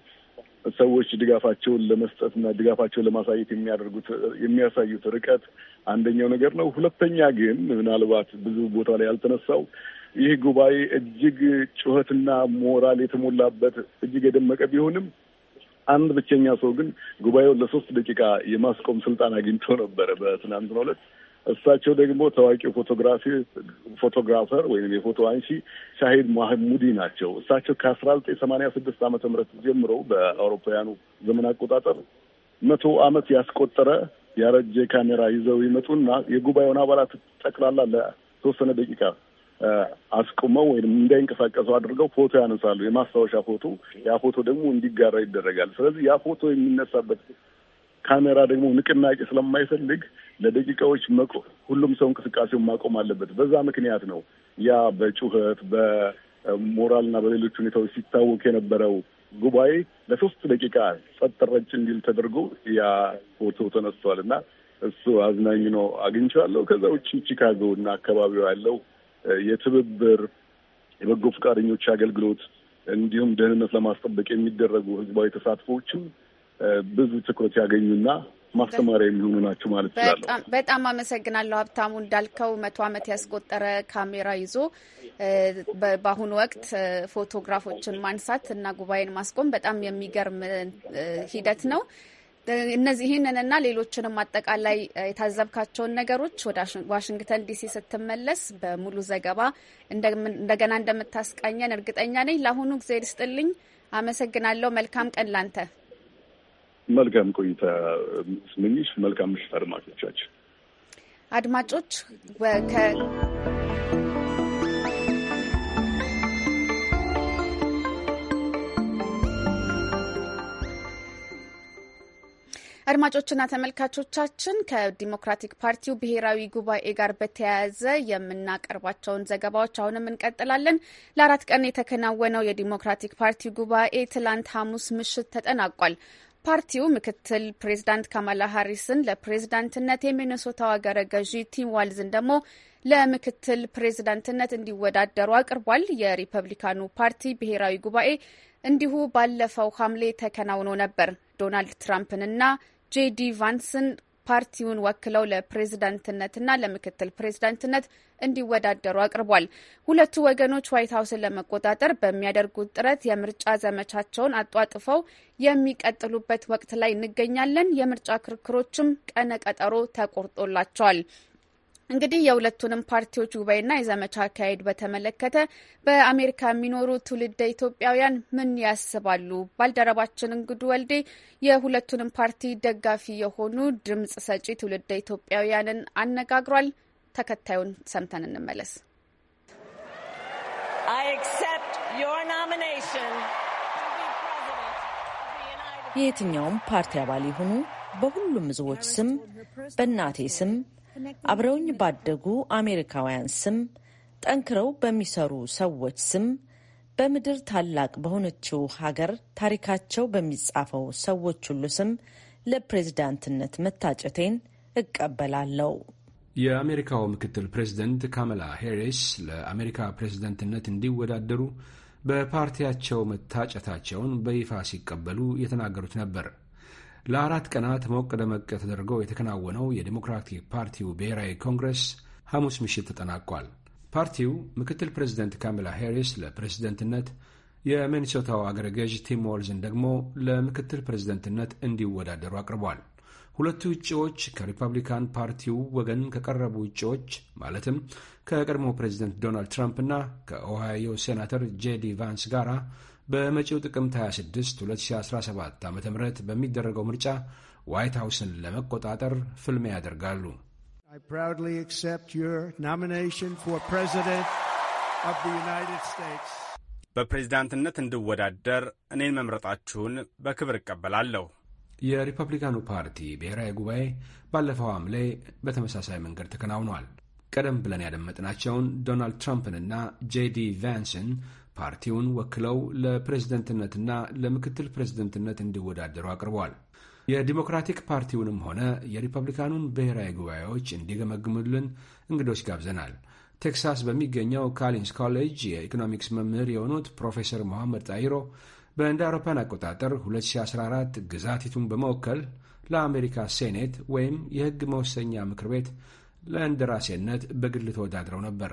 S6: ሰዎች ድጋፋቸውን ለመስጠት እና ድጋፋቸውን ለማሳየት የሚያደርጉት የሚያሳዩት ርቀት አንደኛው ነገር ነው። ሁለተኛ ግን ምናልባት ብዙ ቦታ ላይ ያልተነሳው ይህ ጉባኤ እጅግ ጩኸትና ሞራል የተሞላበት እጅግ የደመቀ ቢሆንም አንድ ብቸኛ ሰው ግን ጉባኤውን ለሶስት ደቂቃ የማስቆም ስልጣን አግኝቶ ነበረ በትናንትናው ዕለት። እሳቸው ደግሞ ታዋቂው ፎቶግራፊ ፎቶግራፈር ወይም የፎቶ አንሺ ሻሂድ ማህሙዲ ናቸው። እሳቸው ከአስራ ዘጠኝ ሰማንያ ስድስት ዓመተ ምህረት ጀምሮ በአውሮፓውያኑ ዘመን አቆጣጠር መቶ ዓመት ያስቆጠረ ያረጀ ካሜራ ይዘው ይመጡና የጉባኤውን አባላት ጠቅላላ ለተወሰነ ደቂቃ አስቁመው ወይም እንዳይንቀሳቀሱ አድርገው ፎቶ ያነሳሉ። የማስታወሻ ፎቶ። ያ ፎቶ ደግሞ እንዲጋራ ይደረጋል። ስለዚህ ያ ፎቶ የሚነሳበት ካሜራ ደግሞ ንቅናቄ ስለማይፈልግ ለደቂቃዎች መቆ ሁሉም ሰው እንቅስቃሴውን ማቆም አለበት። በዛ ምክንያት ነው ያ በጩኸት በሞራልና በሌሎች ሁኔታዎች ሲታወቅ የነበረው ጉባኤ ለሶስት ደቂቃ ጸጥ ረጭ እንዲል ተደርጎ ያ ፎቶ ተነስቷል እና እሱ አዝናኝ ነው አግኝቼዋለሁ። ከዛ ውጭ ቺካጎ እና አካባቢው ያለው የትብብር፣ የበጎ ፈቃደኞች አገልግሎት እንዲሁም ደህንነት ለማስጠበቅ የሚደረጉ ህዝባዊ ተሳትፎዎችም ብዙ ትኩረት ያገኙና ማስተማሪያ የሚሆኑ ናቸው ማለት
S1: ይችላለሁ። በጣም አመሰግናለሁ ሀብታሙ። እንዳልከው መቶ ዓመት ያስቆጠረ ካሜራ ይዞ በአሁኑ ወቅት ፎቶግራፎችን ማንሳት እና ጉባኤን ማስቆም በጣም የሚገርም ሂደት ነው። እነዚህ ይህንንና ሌሎችንም አጠቃላይ የታዘብካቸውን ነገሮች ወደ ዋሽንግተን ዲሲ ስትመለስ በሙሉ ዘገባ እንደገና እንደምታስቃኘን እርግጠኛ ነኝ። ለአሁኑ ጊዜ ይስጥልኝ። አመሰግናለሁ። መልካም ቀን ላንተ።
S6: መልካም ቆይታ ስመኝሽ። መልካም ምሽት አድማጮቻችን።
S1: አድማጮች አድማጮችና ተመልካቾቻችን ከዲሞክራቲክ ፓርቲው ብሔራዊ ጉባኤ ጋር በተያያዘ የምናቀርባቸውን ዘገባዎች አሁንም እንቀጥላለን። ለአራት ቀን የተከናወነው የዲሞክራቲክ ፓርቲው ጉባኤ ትላንት ሐሙስ ምሽት ተጠናቋል። ፓርቲው ምክትል ፕሬዚዳንት ካማላ ሃሪስን ለፕሬዚዳንትነት የሚኒሶታው አገረ ገዢ ቲም ዋልዝን ደግሞ ለምክትል ፕሬዚዳንትነት እንዲወዳደሩ አቅርቧል። የሪፐብሊካኑ ፓርቲ ብሔራዊ ጉባኤ እንዲሁ ባለፈው ሐምሌ ተከናውኖ ነበር። ዶናልድ ትራምፕንና ጄዲ ቫንስን ፓርቲውን ወክለው ለፕሬዝዳንትነትና ለምክትል ፕሬዝዳንትነት እንዲወዳደሩ አቅርቧል። ሁለቱ ወገኖች ዋይት ሀውስን ለመቆጣጠር በሚያደርጉት ጥረት የምርጫ ዘመቻቸውን አጧጥፈው የሚቀጥሉበት ወቅት ላይ እንገኛለን። የምርጫ ክርክሮችም ቀነ ቀጠሮ ተቆርጦላቸዋል። እንግዲህ የሁለቱንም ፓርቲዎች ጉባኤና የዘመቻ አካሄድ በተመለከተ በአሜሪካ የሚኖሩ ትውልደ ኢትዮጵያውያን ምን ያስባሉ? ባልደረባችን እንግዱ ወልዴ የሁለቱንም ፓርቲ ደጋፊ የሆኑ ድምጽ ሰጪ ትውልደ ኢትዮጵያውያንን አነጋግሯል። ተከታዩን ሰምተን እንመለስ። የየትኛውም
S7: ፓርቲ አባል ይሁኑ በሁሉም ሕዝቦች ስም በእናቴ ስም አብረውኝ
S1: ባደጉ አሜሪካውያን ስም፣ ጠንክረው በሚሰሩ ሰዎች ስም፣ በምድር ታላቅ በሆነችው ሀገር ታሪካቸው በሚጻፈው ሰዎች ሁሉ ስም ለፕሬዝዳንትነት መታጨቴን እቀበላለሁ።
S5: የአሜሪካው ምክትል ፕሬዚደንት ካመላ ሄሪስ ለአሜሪካ ፕሬዝደንትነት እንዲወዳደሩ በፓርቲያቸው መታጨታቸውን በይፋ ሲቀበሉ የተናገሩት ነበር። ለአራት ቀናት ሞቅ ደመቅ ተደርጎ የተከናወነው የዲሞክራቲክ ፓርቲው ብሔራዊ ኮንግረስ ሐሙስ ምሽት ተጠናቋል። ፓርቲው ምክትል ፕሬዚደንት ካሚላ ሄሪስ ለፕሬዝደንትነት፣ የሚኒሶታው አገረ ገዥ ቲም ዎልዝን ደግሞ ለምክትል ፕሬዝደንትነት እንዲወዳደሩ አቅርቧል። ሁለቱ እጩዎች ከሪፐብሊካን ፓርቲው ወገን ከቀረቡ እጩዎች ማለትም ከቀድሞ ፕሬዚደንት ዶናልድ ትራምፕ እና ከኦሃዮ ሴናተር ጄዲ ቫንስ ጋር በመጪው ጥቅምት 26 2017 ዓ ም በሚደረገው ምርጫ ዋይት ሃውስን ለመቆጣጠር ፍልሚያ ያደርጋሉ። በፕሬዚዳንትነት እንድወዳደር እኔን መምረጣችሁን በክብር እቀበላለሁ። የሪፐብሊካኑ ፓርቲ ብሔራዊ ጉባኤ ባለፈው ሐምሌ በተመሳሳይ መንገድ ተከናውኗል። ቀደም ብለን ያደመጥናቸውን ዶናልድ ትራምፕንና ጄዲ ቫንስን ፓርቲውን ወክለው ለፕሬዝደንትነትና ለምክትል ፕሬዝደንትነት እንዲወዳደሩ አቅርበዋል። የዲሞክራቲክ ፓርቲውንም ሆነ የሪፐብሊካኑን ብሔራዊ ጉባኤዎች እንዲገመግሙልን እንግዶች ጋብዘናል። ቴክሳስ በሚገኘው ካሊንስ ኮሌጅ የኢኮኖሚክስ መምህር የሆኑት ፕሮፌሰር መሐመድ ጣይሮ በእንደ አውሮፓን አቆጣጠር 2014 ግዛቲቱን በመወከል ለአሜሪካ ሴኔት ወይም የሕግ መወሰኛ ምክር ቤት ለእንደራሴነት በግል ተወዳድረው ነበር።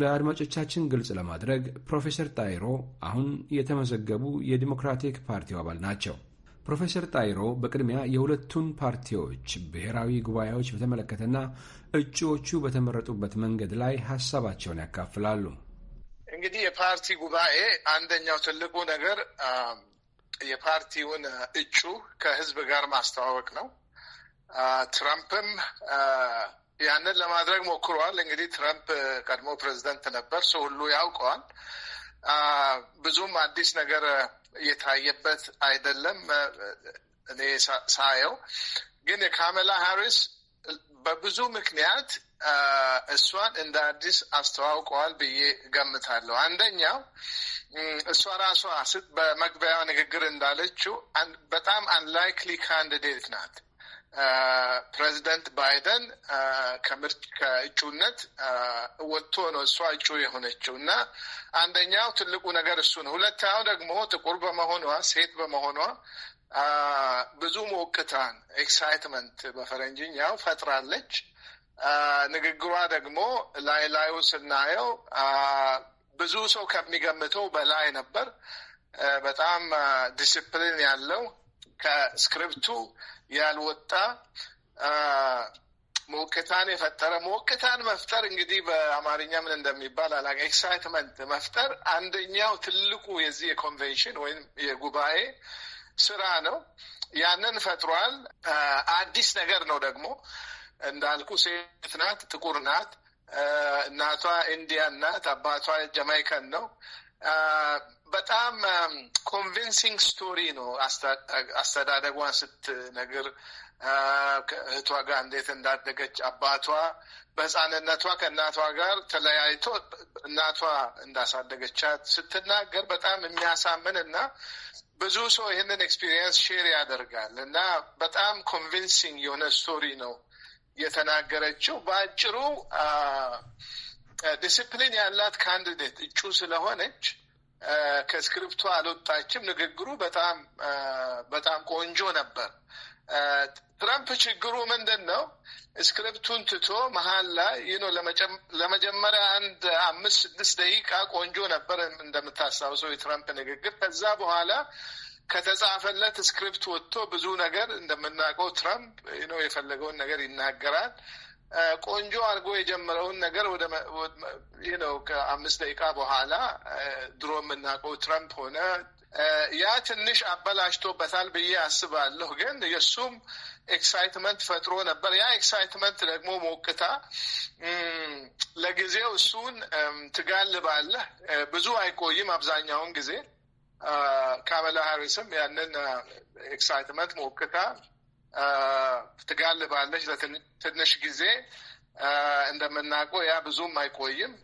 S5: ለአድማጮቻችን ግልጽ ለማድረግ ፕሮፌሰር ጣይሮ አሁን የተመዘገቡ የዲሞክራቲክ ፓርቲው አባል ናቸው። ፕሮፌሰር ጣይሮ በቅድሚያ የሁለቱን ፓርቲዎች ብሔራዊ ጉባኤዎች በተመለከተና እጩዎቹ በተመረጡበት መንገድ ላይ ሀሳባቸውን ያካፍላሉ።
S4: እንግዲህ የፓርቲ ጉባኤ አንደኛው ትልቁ ነገር የፓርቲውን እጩ ከህዝብ ጋር ማስተዋወቅ ነው። ትራምፕም ያንን ለማድረግ ሞክሯል። እንግዲህ ትረምፕ ቀድሞ ፕሬዚደንት ነበር፣ ሰው ሁሉ ያውቀዋል። ብዙም አዲስ ነገር እየታየበት አይደለም። እኔ ሳየው ግን የካሜላ ሃሪስ በብዙ ምክንያት እሷን እንደ አዲስ አስተዋውቀዋል ብዬ ገምታለሁ። አንደኛው እሷ ራሷ በመግቢያ ንግግር እንዳለችው በጣም አንላይክሊ ካንዲዴት ናት። ፕሬዚደንት ባይደን ከምርጭ ከእጩነት ወጥቶ ነው እሷ እጩ የሆነችው እና አንደኛው ትልቁ ነገር እሱ ነው። ሁለተኛው ደግሞ ጥቁር በመሆኗ ሴት በመሆኗ ብዙ ሞቅታን ኤክሳይትመንት በፈረንጅኛው ፈጥራለች። ንግግሯ ደግሞ ላይ ላዩ ስናየው ብዙ ሰው ከሚገምተው በላይ ነበር። በጣም ዲስፕሊን ያለው ከስክሪፕቱ ያልወጣ ሞቅታን የፈጠረ ሞቅታን መፍጠር እንግዲህ በአማርኛ ምን እንደሚባል አላ ኤክሳይትመንት መፍጠር አንደኛው ትልቁ የዚህ የኮንቬንሽን ወይም የጉባኤ ስራ ነው። ያንን ፈጥሯል። አዲስ ነገር ነው። ደግሞ እንዳልኩ ሴት ናት፣ ጥቁር ናት፣ እናቷ ኢንዲያን ናት፣ አባቷ ጀማይካን ነው። በጣም ኮንቪንሲንግ um, ስቶሪ ነው። አስተዳደጓን ስትነግር uh, ከእህቷ ጋር እንዴት እንዳደገች አባቷ በህፃንነቷ ከእናቷ ጋር ተለያይቶ እናቷ እንዳሳደገቻት ስትናገር በጣም የሚያሳምን እና ብዙ ሰው ይህንን ኤክስፒሪየንስ ሼር ያደርጋል እና በጣም ኮንቪንሲንግ የሆነ ስቶሪ ነው የተናገረችው። በአጭሩ ዲስፕሊን uh, ያላት ካንዲዴት እጩ ስለሆነች ከስክሪፕቱ አልወጣችም። ንግግሩ በጣም በጣም ቆንጆ ነበር። ትራምፕ ችግሩ ምንድን ነው? ስክሪፕቱን ትቶ መሀል ላይ ይኖ ለመጀመሪያ አንድ አምስት ስድስት ደቂቃ ቆንጆ ነበር እንደምታስታውሰው የትራምፕ ንግግር። ከዛ በኋላ ከተጻፈለት ስክሪፕት ወጥቶ ብዙ ነገር እንደምናውቀው ትራምፕ ነው የፈለገውን ነገር ይናገራል። ቆንጆ አድርጎ የጀመረውን ነገር ወደ ነው ከአምስት ደቂቃ በኋላ ድሮ የምናውቀው ትረምፕ ሆነ። ያ ትንሽ አበላሽቶበታል ብዬ አስባለሁ። ግን የእሱም ኤክሳይትመንት ፈጥሮ ነበር። ያ ኤክሳይትመንት ደግሞ ሞቅታ ለጊዜው እሱን ትጋልባለህ። ብዙ አይቆይም። አብዛኛውን ጊዜ ካመላ ሃሪስም ያንን ኤክሳይትመንት ሞቅታ ትጋልባለች ለትንሽ ጊዜ። እንደምናውቀው ያ ብዙም አይቆይም።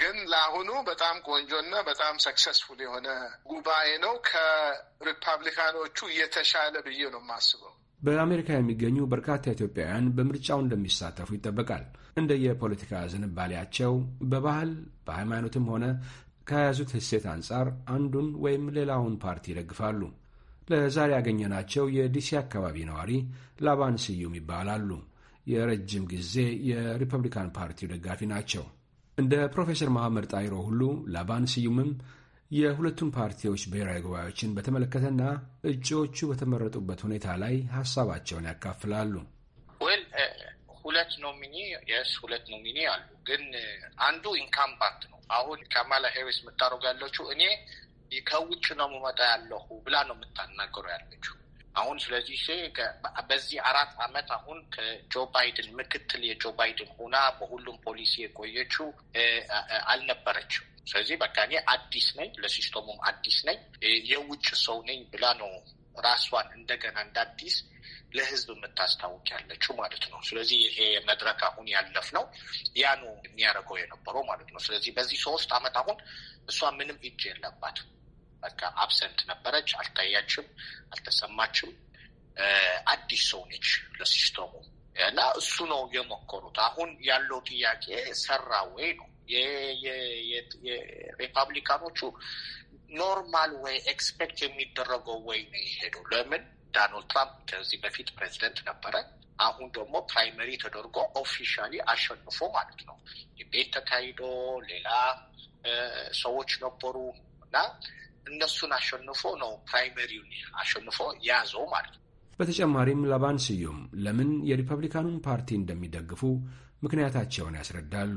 S4: ግን ለአሁኑ በጣም ቆንጆና በጣም ሰክሰስፉል የሆነ ጉባኤ ነው። ከሪፐብሊካኖቹ የተሻለ ብዬ ነው የማስበው።
S5: በአሜሪካ የሚገኙ በርካታ ኢትዮጵያውያን በምርጫው እንደሚሳተፉ ይጠበቃል። እንደ የፖለቲካ ዝንባሌያቸው በባህል በሃይማኖትም ሆነ ከያዙት እሴት አንጻር አንዱን ወይም ሌላውን ፓርቲ ይደግፋሉ። ለዛሬ ያገኘናቸው የዲሲ አካባቢ ነዋሪ ላባን ስዩም ይባላሉ። የረጅም ጊዜ የሪፐብሊካን ፓርቲው ደጋፊ ናቸው። እንደ ፕሮፌሰር መሐመድ ጣይሮ ሁሉ ላባን ስዩምም የሁለቱን ፓርቲዎች ብሔራዊ ጉባኤዎችን በተመለከተና እጩዎቹ በተመረጡበት ሁኔታ ላይ ሀሳባቸውን ያካፍላሉ።
S8: uh, ሁለት ኖሚኒ የስ ሁለት ኖሚኒ አሉ፣ ግን አንዱ ኢንካምባንት ነው። አሁን ካማላ ሄሪስ የምታደርገው ያለችው እኔ ከውጭ ነው መመጣ ያለሁ ብላ ነው የምታናገረው ያለችው። አሁን ስለዚህ በዚህ አራት አመት አሁን ከጆ ባይደን ምክትል የጆ ባይደን ሆና በሁሉም ፖሊሲ የቆየችው አልነበረችው። ስለዚህ በቃ እኔ አዲስ ነኝ፣ ለሲስተሙም አዲስ ነኝ፣ የውጭ ሰው ነኝ ብላ ነው ራሷን እንደገና እንደ አዲስ ለህዝብ የምታስታውቅ ያለችው ማለት ነው። ስለዚህ ይሄ መድረክ አሁን ያለፍ ነው ያ ነው የሚያደርገው የነበረው ማለት ነው። ስለዚህ በዚህ ሶስት አመት አሁን እሷ ምንም እጅ የለባትም። በቃ አብሰንት ነበረች። አልታያችም፣ አልተሰማችም። አዲስ ሰው ነች ለሲስተሙ እና እሱ ነው የሞከሩት። አሁን ያለው ጥያቄ ሰራ ወይ ነው። የሪፐብሊካኖቹ ኖርማል ወይ ኤክስፔክት የሚደረገው ወይ ነው የሄደው። ለምን ዳናልድ ትራምፕ ከዚህ በፊት ፕሬዚደንት ነበረ። አሁን ደግሞ ፕራይመሪ ተደርጎ ኦፊሻሊ አሸንፎ ማለት ነው። ቤት ተካሂዶ ሌላ ሰዎች ነበሩ እና እነሱን አሸንፎ ነው ፕራይመሪውን አሸንፎ ያዘው ማለት ነው።
S5: በተጨማሪም ለባን ስዩም ለምን የሪፐብሊካኑን ፓርቲ እንደሚደግፉ ምክንያታቸውን ያስረዳሉ።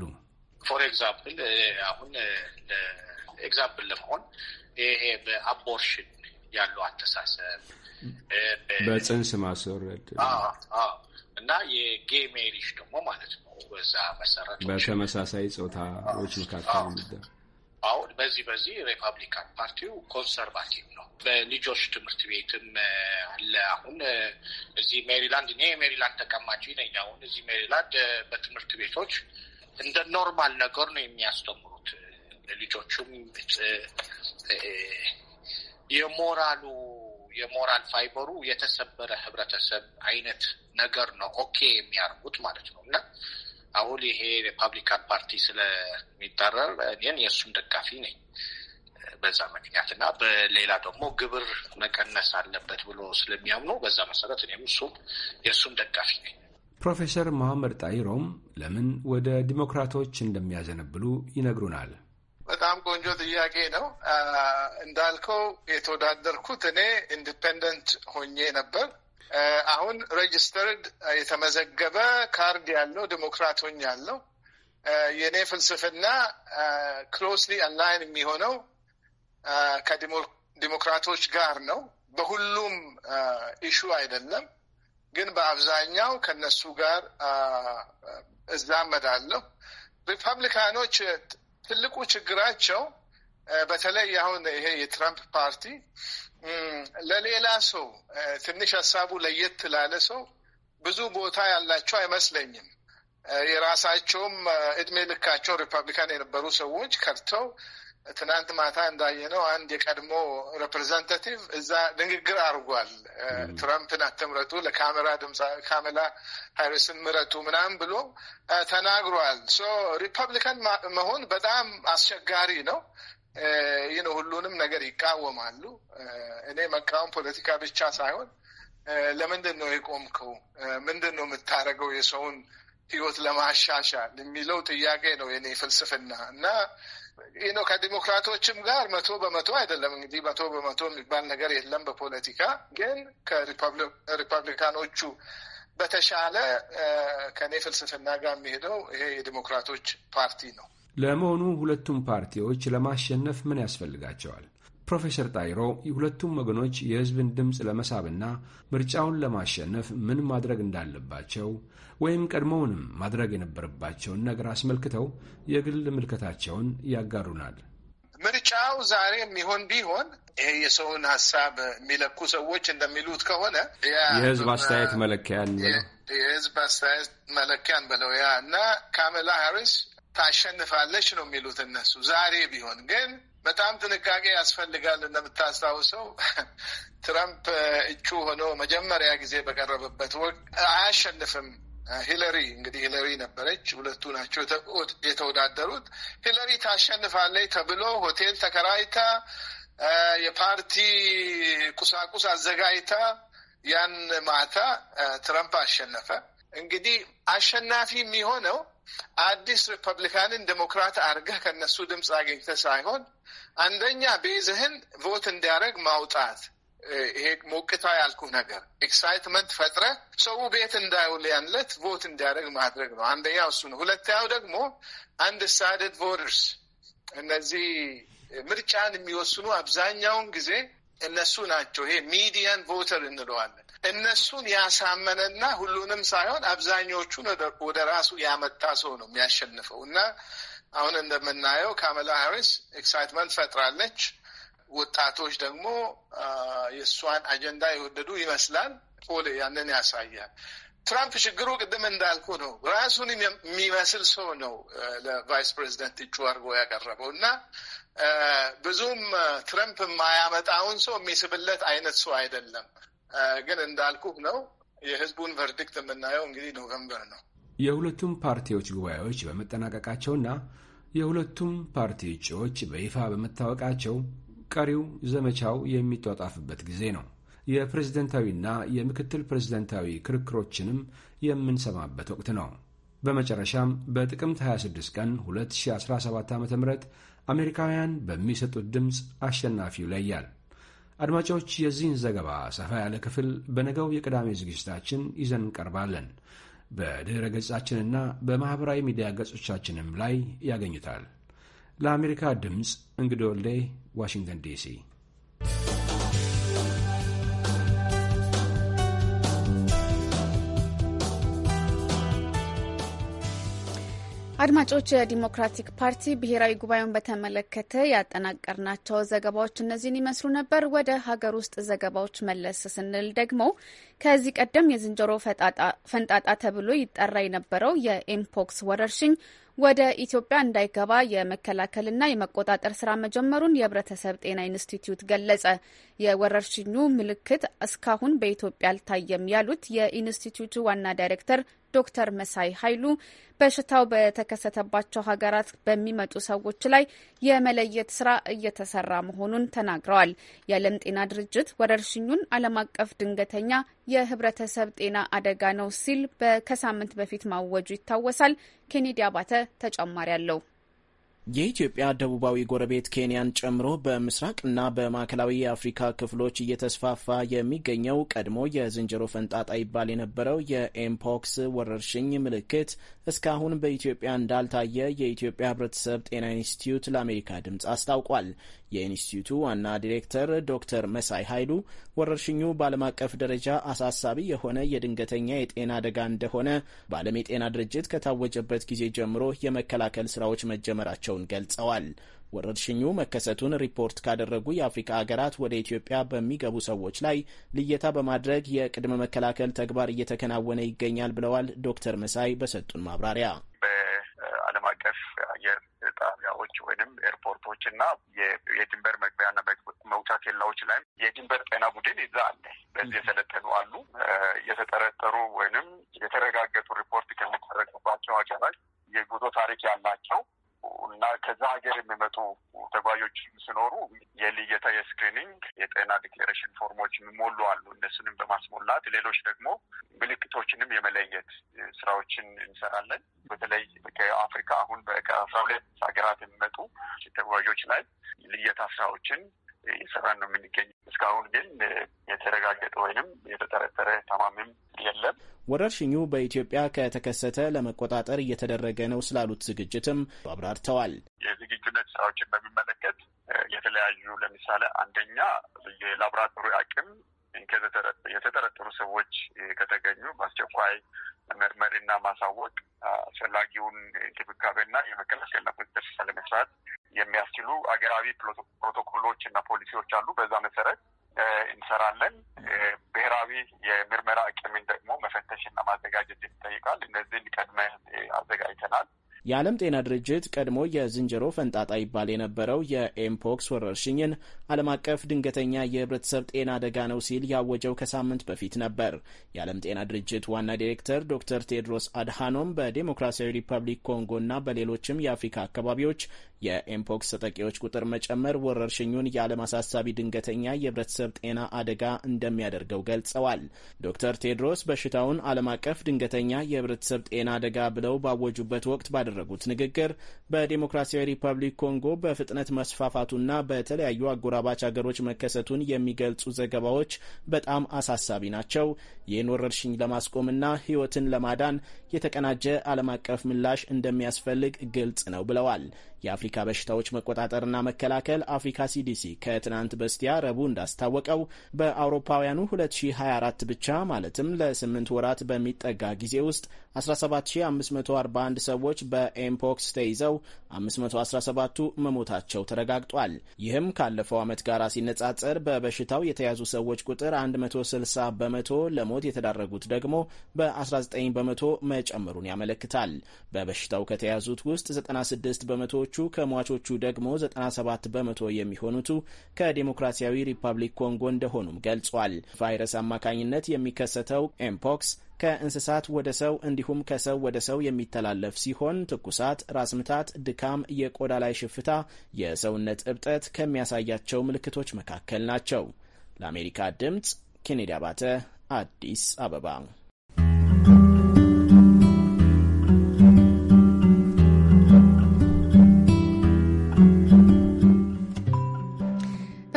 S8: ፎር ኤግዛምፕል አሁን ኤግዛምፕል ለመሆን ይሄ በአቦርሽን ያለው አተሳሰብ
S5: በጽንስ ማስወረድ
S8: እና የጌ ሜሪሽ ደግሞ ማለት ነው በዛ መሰረት
S5: በተመሳሳይ ጾታዎች መካከል
S8: አሁን በዚህ በዚህ ሪፐብሊካን ፓርቲው ኮንሰርቫቲቭ ነው። በልጆች ትምህርት ቤትም አለ። አሁን እዚህ ሜሪላንድ እኔ የሜሪላንድ ተቀማጭ ነኝ። አሁን እዚህ ሜሪላንድ በትምህርት ቤቶች እንደ ኖርማል ነገር ነው የሚያስተምሩት ለልጆቹም የሞራሉ የሞራል ፋይበሩ የተሰበረ ህብረተሰብ አይነት ነገር ነው ኦኬ የሚያርጉት ማለት ነው እና አሁን ይሄ ሪፐብሊካን ፓርቲ ስለሚጠረር እኔን የእሱም ደጋፊ ነኝ በዛ ምክንያት እና በሌላ ደግሞ ግብር መቀነስ አለበት ብሎ ስለሚያምኑ
S4: በዛ መሰረት እኔም እሱም የእሱም ደጋፊ ነኝ።
S5: ፕሮፌሰር መሐመድ ጣይሮም ለምን ወደ ዲሞክራቶች እንደሚያዘነብሉ ይነግሩናል።
S4: በጣም ቆንጆ ጥያቄ ነው። እንዳልከው የተወዳደርኩት እኔ ኢንዲፔንደንት ሆኜ ነበር። አሁን ሬጅስተርድ የተመዘገበ ካርድ ያለው ዲሞክራት ሆኛለሁ። የእኔ ፍልስፍና ክሎስሊ አንላይን የሚሆነው ከዲሞክራቶች ጋር ነው። በሁሉም ኢሹ አይደለም፣ ግን በአብዛኛው ከነሱ ጋር እዛመዳለሁ። ሪፐብሊካኖች ትልቁ ችግራቸው በተለይ አሁን ይሄ የትራምፕ ፓርቲ ለሌላ ሰው ትንሽ ሀሳቡ ለየት ላለ ሰው ብዙ ቦታ ያላቸው አይመስለኝም። የራሳቸውም እድሜ ልካቸው ሪፐብሊካን የነበሩ ሰዎች ከርተው ትናንት ማታ እንዳየነው አንድ የቀድሞ ሬፕሬዘንታቲቭ እዛ ንግግር አድርጓል። ትራምፕን አትምረጡ፣ ለካሜራ ድምፃ ካሜላ ሃሪስን ምረጡ ምናምን ብሎ ተናግሯል። ሶ ሪፐብሊካን መሆን በጣም አስቸጋሪ ነው። ይህን ሁሉንም ነገር ይቃወማሉ። እኔ መቃወም ፖለቲካ ብቻ ሳይሆን ለምንድን ነው የቆምከው? ምንድን ነው የምታደርገው? የሰውን ህይወት ለማሻሻል የሚለው ጥያቄ ነው የኔ ፍልስፍና እና ይህ ነው። ከዲሞክራቶችም ጋር መቶ በመቶ አይደለም እንግዲህ መቶ በመቶ የሚባል ነገር የለም በፖለቲካ ግን ከሪፐብሊካኖቹ በተሻለ ከእኔ ፍልስፍና ጋር የሚሄደው ይሄ የዲሞክራቶች ፓርቲ ነው።
S5: ለመሆኑ ሁለቱም ፓርቲዎች ለማሸነፍ ምን ያስፈልጋቸዋል? ፕሮፌሰር ጣይሮ የሁለቱም ወገኖች የሕዝብን ድምፅ ለመሳብና ምርጫውን ለማሸነፍ ምን ማድረግ እንዳለባቸው ወይም ቀድሞውንም ማድረግ የነበረባቸውን ነገር አስመልክተው የግል ምልከታቸውን ያጋሩናል።
S4: ምርጫው ዛሬ የሚሆን ቢሆን ይሄ የሰውን ሀሳብ
S5: የሚለኩ ሰዎች እንደሚሉት ከሆነ የህዝብ አስተያየት መለኪያን የህዝብ አስተያየት መለኪያን ብለው ያ እና ካሜላ ሃሪስ
S4: ታሸንፋለች ነው የሚሉት እነሱ። ዛሬ ቢሆን ግን በጣም ጥንቃቄ ያስፈልጋል። እንደምታስታውሰው ትራምፕ እጩ ሆኖ መጀመሪያ ጊዜ በቀረበበት ወቅት አያሸንፍም ሂለሪ እንግዲህ ሂለሪ ነበረች፣ ሁለቱ ናቸው የተወዳደሩት። ሂለሪ ታሸንፋለች ተብሎ ሆቴል ተከራይታ የፓርቲ ቁሳቁስ አዘጋጅታ ያን ማታ ትራምፕ አሸነፈ። እንግዲህ አሸናፊ የሚሆነው አዲስ ሪፐብሊካንን ዴሞክራት አድርገህ ከነሱ ድምፅ አግኝተህ ሳይሆን አንደኛ ቤዝህን ቮት እንዲያደርግ ማውጣት ይሄ ሞቅታ ያልኩ ነገር ኤክሳይትመንት ፈጥረ ሰው ቤት እንዳይውል ያንለት ቮት እንዲያደርግ ማድረግ ነው። አንደኛው እሱ ነው። ሁለተኛው ደግሞ አንድ ሳይድድ ቮተርስ፣ እነዚህ ምርጫን የሚወስኑ አብዛኛውን ጊዜ እነሱ ናቸው። ይሄ ሚዲያን ቮተር እንለዋለን። እነሱን ያሳመነና ሁሉንም ሳይሆን አብዛኞቹን ወደ ራሱ ያመጣ ሰው ነው የሚያሸንፈው እና አሁን እንደምናየው ካመላ ሃሪስ ኤክሳይትመንት ፈጥራለች። ወጣቶች ደግሞ የእሷን አጀንዳ የወደዱ ይመስላል። ፖል ያንን ያሳያል። ትራምፕ ችግሩ ቅድም እንዳልኩ ነው። ራሱን የሚመስል ሰው ነው ለቫይስ ፕሬዚደንት እጩ አድርጎ ያቀረበው እና ብዙም ትራምፕ የማያመጣውን ሰው የሚስብለት አይነት ሰው አይደለም። ግን እንዳልኩህ ነው የህዝቡን ቨርዲክት የምናየው እንግዲህ ኖቨምበር ነው።
S5: የሁለቱም ፓርቲዎች ጉባኤዎች በመጠናቀቃቸውና የሁለቱም ፓርቲ እጩዎች በይፋ በመታወቃቸው ቀሪው ዘመቻው የሚጧጣፍበት ጊዜ ነው። የፕሬዝደንታዊና የምክትል ፕሬዝደንታዊ ክርክሮችንም የምንሰማበት ወቅት ነው። በመጨረሻም በጥቅምት 26 ቀን 2017 ዓ ም አሜሪካውያን በሚሰጡት ድምፅ አሸናፊው ይለያል። አድማጮች፣ የዚህን ዘገባ ሰፋ ያለ ክፍል በነገው የቅዳሜ ዝግጅታችን ይዘን እንቀርባለን። በድኅረ ገጻችንና በማኅበራዊ ሚዲያ ገጾቻችንም ላይ ያገኙታል። ለአሜሪካ ድምፅ እንግዶ ወልዴ ዋሽንግተን ዲሲ
S1: አድማጮች የዲሞክራቲክ ፓርቲ ብሔራዊ ጉባኤውን በተመለከተ ያጠናቀርናቸው ዘገባዎች እነዚህን ይመስሉ ነበር። ወደ ሀገር ውስጥ ዘገባዎች መለስ ስንል ደግሞ ከዚህ ቀደም የዝንጀሮ ፈንጣጣ ተብሎ ይጠራ የነበረው የኤምፖክስ ወረርሽኝ ወደ ኢትዮጵያ እንዳይገባ የመከላከልና የመቆጣጠር ስራ መጀመሩን የህብረተሰብ ጤና ኢንስቲትዩት ገለጸ። የወረርሽኙ ምልክት እስካሁን በኢትዮጵያ አልታየም ያሉት የኢንስቲትዩቱ ዋና ዳይሬክተር ዶክተር መሳይ ኃይሉ በሽታው በተከሰተባቸው ሀገራት በሚመጡ ሰዎች ላይ የመለየት ስራ እየተሰራ መሆኑን ተናግረዋል። የዓለም ጤና ድርጅት ወረርሽኙን ዓለም አቀፍ ድንገተኛ የህብረተሰብ ጤና አደጋ ነው ሲል ከሳምንት በፊት ማወጁ ይታወሳል። ኬኔዲ አባተ ተጨማሪ አለው።
S7: የኢትዮጵያ ደቡባዊ ጎረቤት ኬንያን ጨምሮ በምስራቅና በማዕከላዊ የአፍሪካ ክፍሎች እየተስፋፋ የሚገኘው ቀድሞ የዝንጀሮ ፈንጣጣ ይባል የነበረው የኤምፖክስ ወረርሽኝ ምልክት እስካሁን በኢትዮጵያ እንዳልታየ የኢትዮጵያ ህብረተሰብ ጤና ኢንስቲትዩት ለአሜሪካ ድምፅ አስታውቋል። የኢንስቲትዩቱ ዋና ዲሬክተር ዶክተር መሳይ ኃይሉ ወረርሽኙ በዓለም አቀፍ ደረጃ አሳሳቢ የሆነ የድንገተኛ የጤና አደጋ እንደሆነ በዓለም የጤና ድርጅት ከታወጀበት ጊዜ ጀምሮ የመከላከል ስራዎች መጀመራቸውን ገልጸዋል። ወረርሽኙ መከሰቱን ሪፖርት ካደረጉ የአፍሪካ ሀገራት ወደ ኢትዮጵያ በሚገቡ ሰዎች ላይ ልየታ በማድረግ የቅድመ መከላከል ተግባር እየተከናወነ ይገኛል ብለዋል ዶክተር መሳይ በሰጡን ማብራሪያ
S9: በዓለም አቀፍ አየር ጣቢያዎች ወይም ኤርፖርቶች እና የድንበር መግቢያና መውጫ ኬላዎች ላይም የድንበር ጤና ቡድን ይዛ አለ። በዚህ የሰለጠኑ አሉ። የተጠረጠሩ ወይንም የተረጋገጡ ሪፖርት ከሚደረግባቸው ሀገራት የጉዞ ታሪክ ያላቸው እና ከዛ ሀገር የሚመጡ ተጓዦች ሲኖሩ የልየታ የስክሪኒንግ የጤና ዲክሌሬሽን ፎርሞች የሚሞሉ አሉ። እነሱንም በማስሞላት ሌሎች ደግሞ ምልክቶችንም የመለየት ስራዎችን እንሰራለን። በተለይ ከአፍሪካ አሁን ከአስራ ሁለት ሀገራት የሚመጡ ተጓዦች ላይ ልየታ ስራዎችን እየሰራን ነው የምንገኘው። እስካሁን ግን የተረጋገጠ ወይንም የተጠረጠረ ታማሚም የለም።
S7: ወረርሽኙ በኢትዮጵያ ከተከሰተ ለመቆጣጠር እየተደረገ ነው ስላሉት ዝግጅትም አብራርተዋል። የዝግጁነት ስራዎችን
S9: በሚመለከት የተለያዩ ለምሳሌ አንደኛ የላቦራቶሪ አቅም የተጠረጠሩ ሰዎች ከተገኙ በአስቸኳይ መርመሪና ማሳወቅ አስፈላጊውን እንክብካቤና የመከላከልና ቁጥጥር ለመስራት የሚያስችሉ አገራዊ ፕሮቶኮሎች እና ፖሊሲዎች አሉ። በዛ መሰረት እንሰራለን። ብሔራዊ የምርመራ አቅምን ደግሞ መፈተሽና ማዘጋጀት ይጠይቃል። እነዚህን ቀድመ አዘጋጅተናል።
S7: የዓለም ጤና ድርጅት ቀድሞ የዝንጀሮ ፈንጣጣ ይባል የነበረው የኤምፖክስ ወረርሽኝን ዓለም አቀፍ ድንገተኛ የህብረተሰብ ጤና አደጋ ነው ሲል ያወጀው ከሳምንት በፊት ነበር። የዓለም ጤና ድርጅት ዋና ዲሬክተር ዶክተር ቴድሮስ አድሃኖም በዴሞክራሲያዊ ሪፐብሊክ ኮንጎና በሌሎችም የአፍሪካ አካባቢዎች የኤምፖክስ ተጠቂዎች ቁጥር መጨመር ወረርሽኙን የዓለም አሳሳቢ ድንገተኛ የህብረተሰብ ጤና አደጋ እንደሚያደርገው ገልጸዋል። ዶክተር ቴድሮስ በሽታውን ዓለም አቀፍ ድንገተኛ የህብረተሰብ ጤና አደጋ ብለው ባወጁበት ወቅት ባደ ባደረጉት ንግግር በዴሞክራሲያዊ ሪፐብሊክ ኮንጎ በፍጥነት መስፋፋቱና በተለያዩ አጎራባች ሀገሮች መከሰቱን የሚገልጹ ዘገባዎች በጣም አሳሳቢ ናቸው። ይህን ወረርሽኝ ለማስቆምና ሕይወትን ለማዳን የተቀናጀ ዓለም አቀፍ ምላሽ እንደሚያስፈልግ ግልጽ ነው ብለዋል። የአፍሪካ በሽታዎች መቆጣጠርና መከላከል አፍሪካ ሲዲሲ ከትናንት በስቲያ ረቡዕ እንዳስታወቀው በአውሮፓውያኑ 2024 ብቻ ማለትም ለስምንት ወራት በሚጠጋ ጊዜ ውስጥ 17541 ሰዎች በ በኤምፖክስ ተይዘው 517ቱ መሞታቸው ተረጋግጧል። ይህም ካለፈው ዓመት ጋር ሲነጻጸር በበሽታው የተያዙ ሰዎች ቁጥር 160 በመቶ፣ ለሞት የተዳረጉት ደግሞ በ19 በመቶ መጨመሩን ያመለክታል። በበሽታው ከተያዙት ውስጥ 96 በመቶዎቹ ከሟቾቹ ደግሞ 97 በመቶ የሚሆኑቱ ከዴሞክራሲያዊ ሪፐብሊክ ኮንጎ እንደሆኑም ገልጿል። ቫይረስ አማካኝነት የሚከሰተው ኤምፖክስ ከእንስሳት ወደ ሰው እንዲሁም ከሰው ወደ ሰው የሚተላለፍ ሲሆን ትኩሳት፣ ራስ ምታት፣ ድካም፣ የቆዳ ላይ ሽፍታ፣ የሰውነት እብጠት ከሚያሳያቸው ምልክቶች መካከል ናቸው። ለአሜሪካ ድምፅ ኬኔዲ አባተ አዲስ አበባ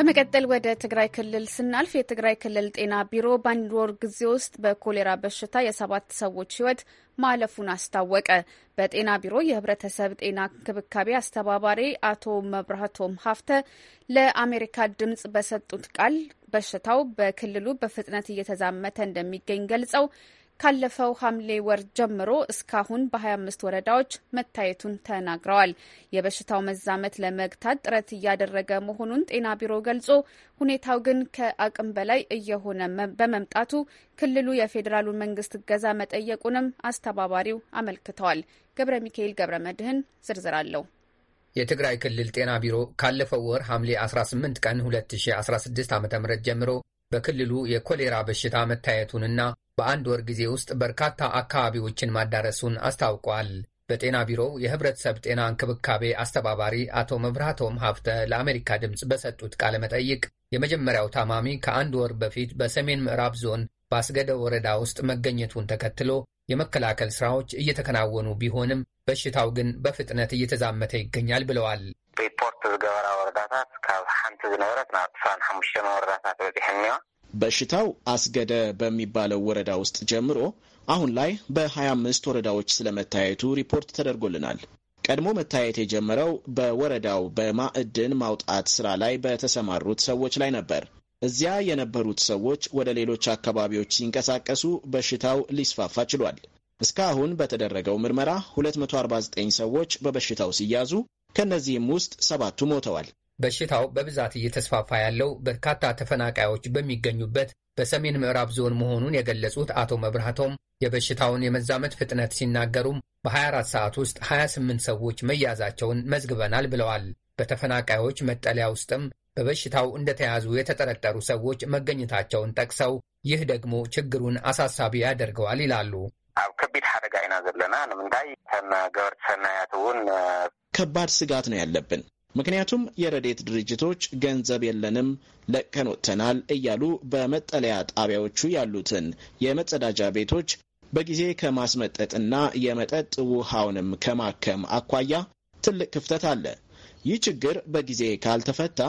S1: በመቀጠል ወደ ትግራይ ክልል ስናልፍ የትግራይ ክልል ጤና ቢሮ በአንድ ወር ጊዜ ውስጥ በኮሌራ በሽታ የሰባት ሰዎች ሕይወት ማለፉን አስታወቀ። በጤና ቢሮ የህብረተሰብ ጤና እንክብካቤ አስተባባሪ አቶ መብራቶም ሀፍተ ለአሜሪካ ድምጽ በሰጡት ቃል በሽታው በክልሉ በፍጥነት እየተዛመተ እንደሚገኝ ገልጸው ካለፈው ሐምሌ ወር ጀምሮ እስካሁን በ25 ወረዳዎች መታየቱን ተናግረዋል። የበሽታው መዛመት ለመግታት ጥረት እያደረገ መሆኑን ጤና ቢሮ ገልጾ ሁኔታው ግን ከአቅም በላይ እየሆነ በመምጣቱ ክልሉ የፌዴራሉ መንግስት እገዛ መጠየቁንም አስተባባሪው አመልክተዋል። ገብረ ሚካኤል ገብረ መድህን ዝርዝር አለው።
S10: የትግራይ ክልል ጤና ቢሮ ካለፈው ወር ሐምሌ 18 ቀን 2016 ዓ ም ጀምሮ በክልሉ የኮሌራ በሽታ መታየቱንና በአንድ ወር ጊዜ ውስጥ በርካታ አካባቢዎችን ማዳረሱን አስታውቋል። በጤና ቢሮው የህብረተሰብ ጤና እንክብካቤ አስተባባሪ አቶ መብራቶም ሀብተ ለአሜሪካ ድምፅ በሰጡት ቃለ መጠይቅ የመጀመሪያው ታማሚ ከአንድ ወር በፊት በሰሜን ምዕራብ ዞን በአስገደ ወረዳ ውስጥ መገኘቱን ተከትሎ የመከላከል ስራዎች እየተከናወኑ ቢሆንም በሽታው ግን በፍጥነት እየተዛመተ ይገኛል ብለዋል። ሪፖርት ዝገበራ ወረዳታት ካብ ሓንቲ ዝነበረት ናብ ትስራን ሓሙሽተን ወረዳታት በፂሐ እኒዋ
S7: በሽታው አስገደ በሚባለው ወረዳ ውስጥ ጀምሮ አሁን ላይ በ25 ወረዳዎች ስለመታየቱ ሪፖርት ተደርጎልናል። ቀድሞ መታየት የጀመረው በወረዳው በማዕድን ማውጣት ስራ ላይ በተሰማሩት ሰዎች ላይ ነበር። እዚያ የነበሩት ሰዎች ወደ ሌሎች አካባቢዎች ሲንቀሳቀሱ በሽታው ሊስፋፋ ችሏል። እስካሁን በተደረገው ምርመራ 249 ሰዎች በበሽታው ሲያዙ ከእነዚህም ውስጥ ሰባቱ ሞተዋል።
S10: በሽታው በብዛት እየተስፋፋ ያለው በርካታ ተፈናቃዮች በሚገኙበት በሰሜን ምዕራብ ዞን መሆኑን የገለጹት አቶ መብራቶም የበሽታውን የመዛመት ፍጥነት ሲናገሩም በ24 ሰዓት ውስጥ 28 ሰዎች መያዛቸውን መዝግበናል ብለዋል። በተፈናቃዮች መጠለያ ውስጥም በበሽታው እንደተያዙ የተጠረጠሩ ሰዎች መገኘታቸውን ጠቅሰው ይህ ደግሞ ችግሩን አሳሳቢ ያደርገዋል ይላሉ። ኣብ ከቢድ ሓደጋ ኢና ዘለና ንምንታይ
S7: ከም ገበርቲ ሰናያት እውን ከባድ ስጋት ነው ያለብን ምክንያቱም የረዴት ድርጅቶች ገንዘብ የለንም ለቀን ወጥተናል እያሉ በመጠለያ ጣቢያዎቹ ያሉትን የመጸዳጃ ቤቶች በጊዜ ከማስመጠጥና የመጠጥ ውሃውንም ከማከም አኳያ ትልቅ ክፍተት አለ። ይህ ችግር በጊዜ ካልተፈታ